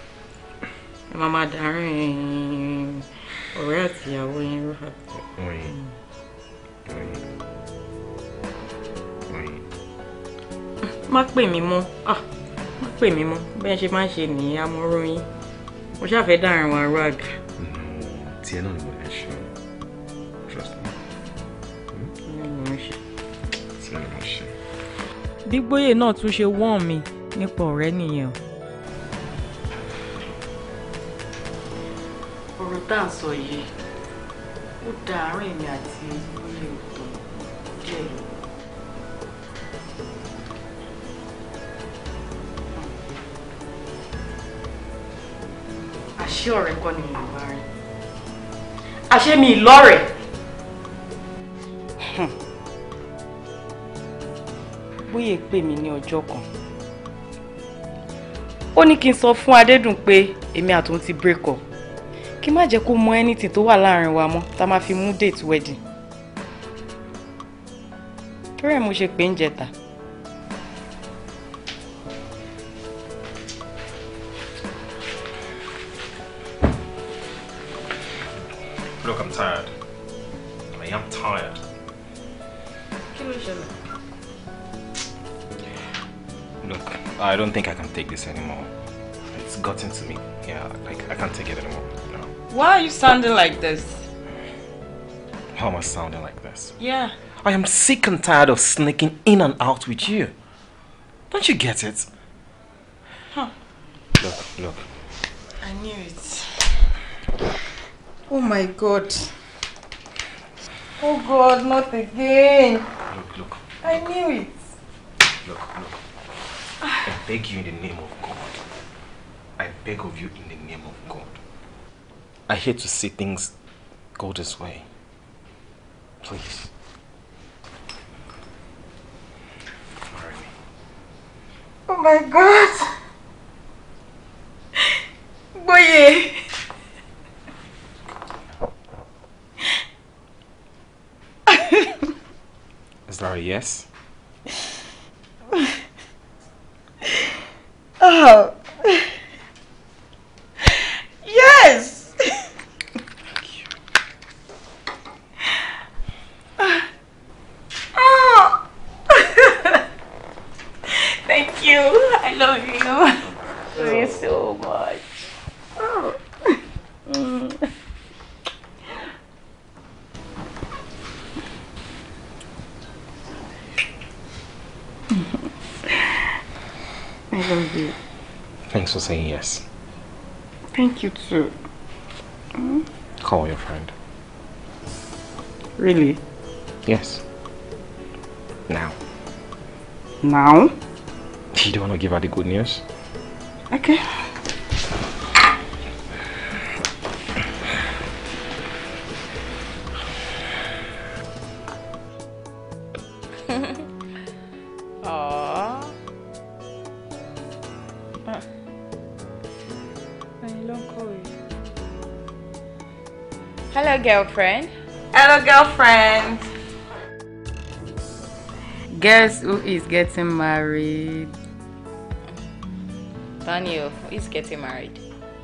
ẹ máa máa darin ọ̀rẹ́ àtìyàwó yẹn rú àtìyàwó. má pè mí mọ́ ah má pè mí mọ́ bẹ́ẹ̀ ṣe máa ń ṣe nìyẹn amúrú yín mo ṣáà fẹ́ dárin wa rú àgbà. tiẹ̀ náà ni mo bí gbóyè náà tún ṣe wọ́n mi nípa ọ̀rẹ́ nìyẹn o. ọ̀rọ̀ tá à ń sọ yìí ó da àárín èmi àti gbóyè ọ̀tọ̀ díẹ̀ àṣé ọ̀rẹ́ kọ́ ni mo bá rí àṣé mi ìlọ́rẹ̀ẹ́. Adébóyè pè mí ní ọjọ́ kan ó ní kí n sọ fún Adédùn pé èmi àtòun ti break up kí má jẹ́ kó mọ anything tó wà láàrin wa mọ́ tá a máa fi mú date wedding torí ẹ̀ mo ṣe pé ń jẹta. Look, I'm tired. I don't think I can take this anymore. It's gotten to me. Yeah, like I can't take it anymore. No. Why are you sounding like this? How am I sounding like this? Yeah. I am sick and tired of sneaking in and out with you. Don't you get it? Huh. Look, look. I knew it. Oh my god. Oh god, not again. Look, look. I knew it. Look, look beg you in the name of God. I beg of you in the name of God. I hate to see things go this way. Please. Marry me. Oh my God! Boye! Is that a yes? Oh. yes. oh. Thank you. I love you. I love you so much. Oh. Mm. I love you. Thanks for saying yes. Thank you too. Hmm? Call your friend. Really? Yes. Now. Now? You don't want to give her the good news? Okay. girlfriend. Hello, girlfriend. Guess who is getting married? Daniel, who is getting married?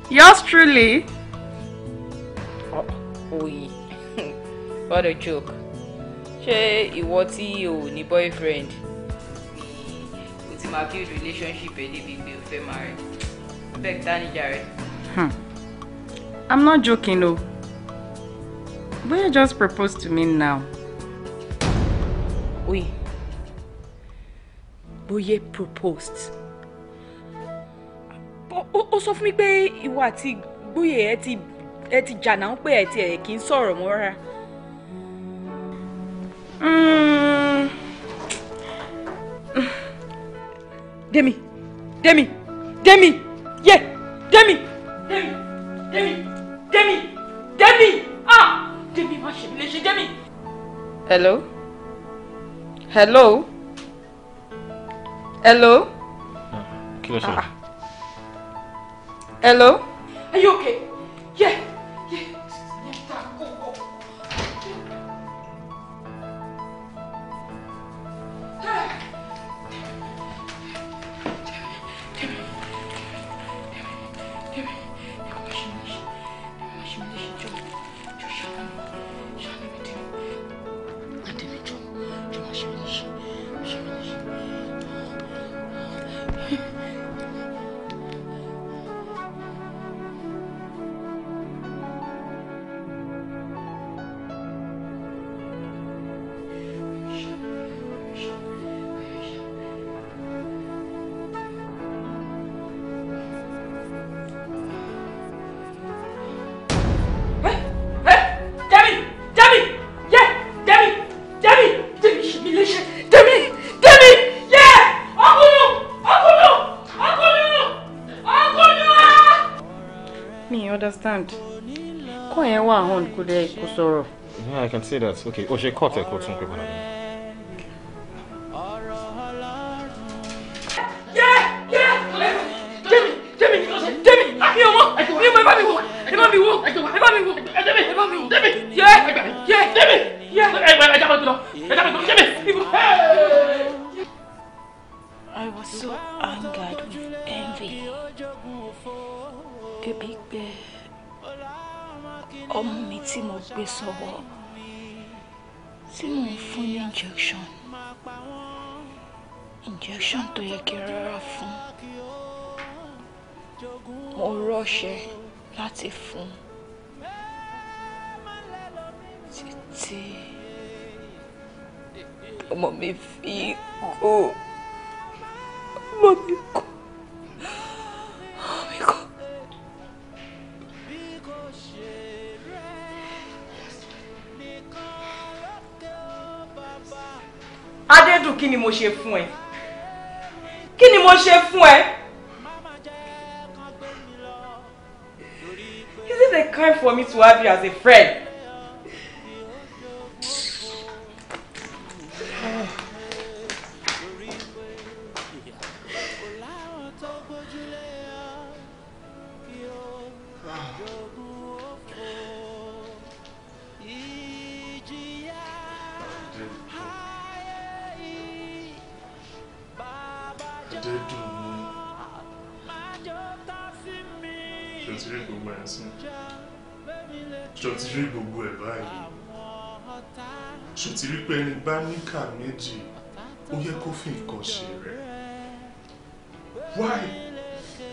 Yours truly. Oh, oui. What a joke. She ìwọ tí o ní boyfriend? we ti máa build relationship ẹ̀ débi pé o fẹ́ marry. Bẹ́ẹ̀ Daniel Hmm. I'm not joking though. No you just proposed to me now. Oui. Boye proposed. O, sọ fún mi pé ìwọ àti Boye ẹ ti ẹ ti jà náà pé ẹ ti ẹ kì í sọ̀rọ̀ mọ́ rárá. Hmm. Demi Demi Demi ye Demi Demi Demi Demi Demi ah. Jẹ́mi má ṣe mí léṣe hello hello hello. kí ló ṣe. hello. are you okay? yeah. can't say that. Okay, ó ṣe cut ẹ̀ kó I was so angered with envy. Ebi gbẹ ọmọ mi tí mo gbé sọ́wọ́ tí mò ń fún ní injection injection tó yẹ kí rárá fún mo rọ́ṣẹ́ láti fún títí ọmọ mi fi kú ọmọ mi kú ọmọ mi kú. Adédùn kí ni mo ṣe fún ẹ kí ni mo ṣe fún ẹ. Is it a crime for me to have you as a friend? bẹ́ni bá níkà méjì ó yẹ kó fi nǹkan ṣe rẹ̀. Why?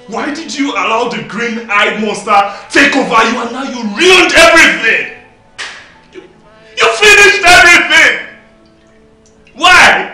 Why did you allow the green-eyed monster take over you and now you ruined everything? You, you finished everything! Why?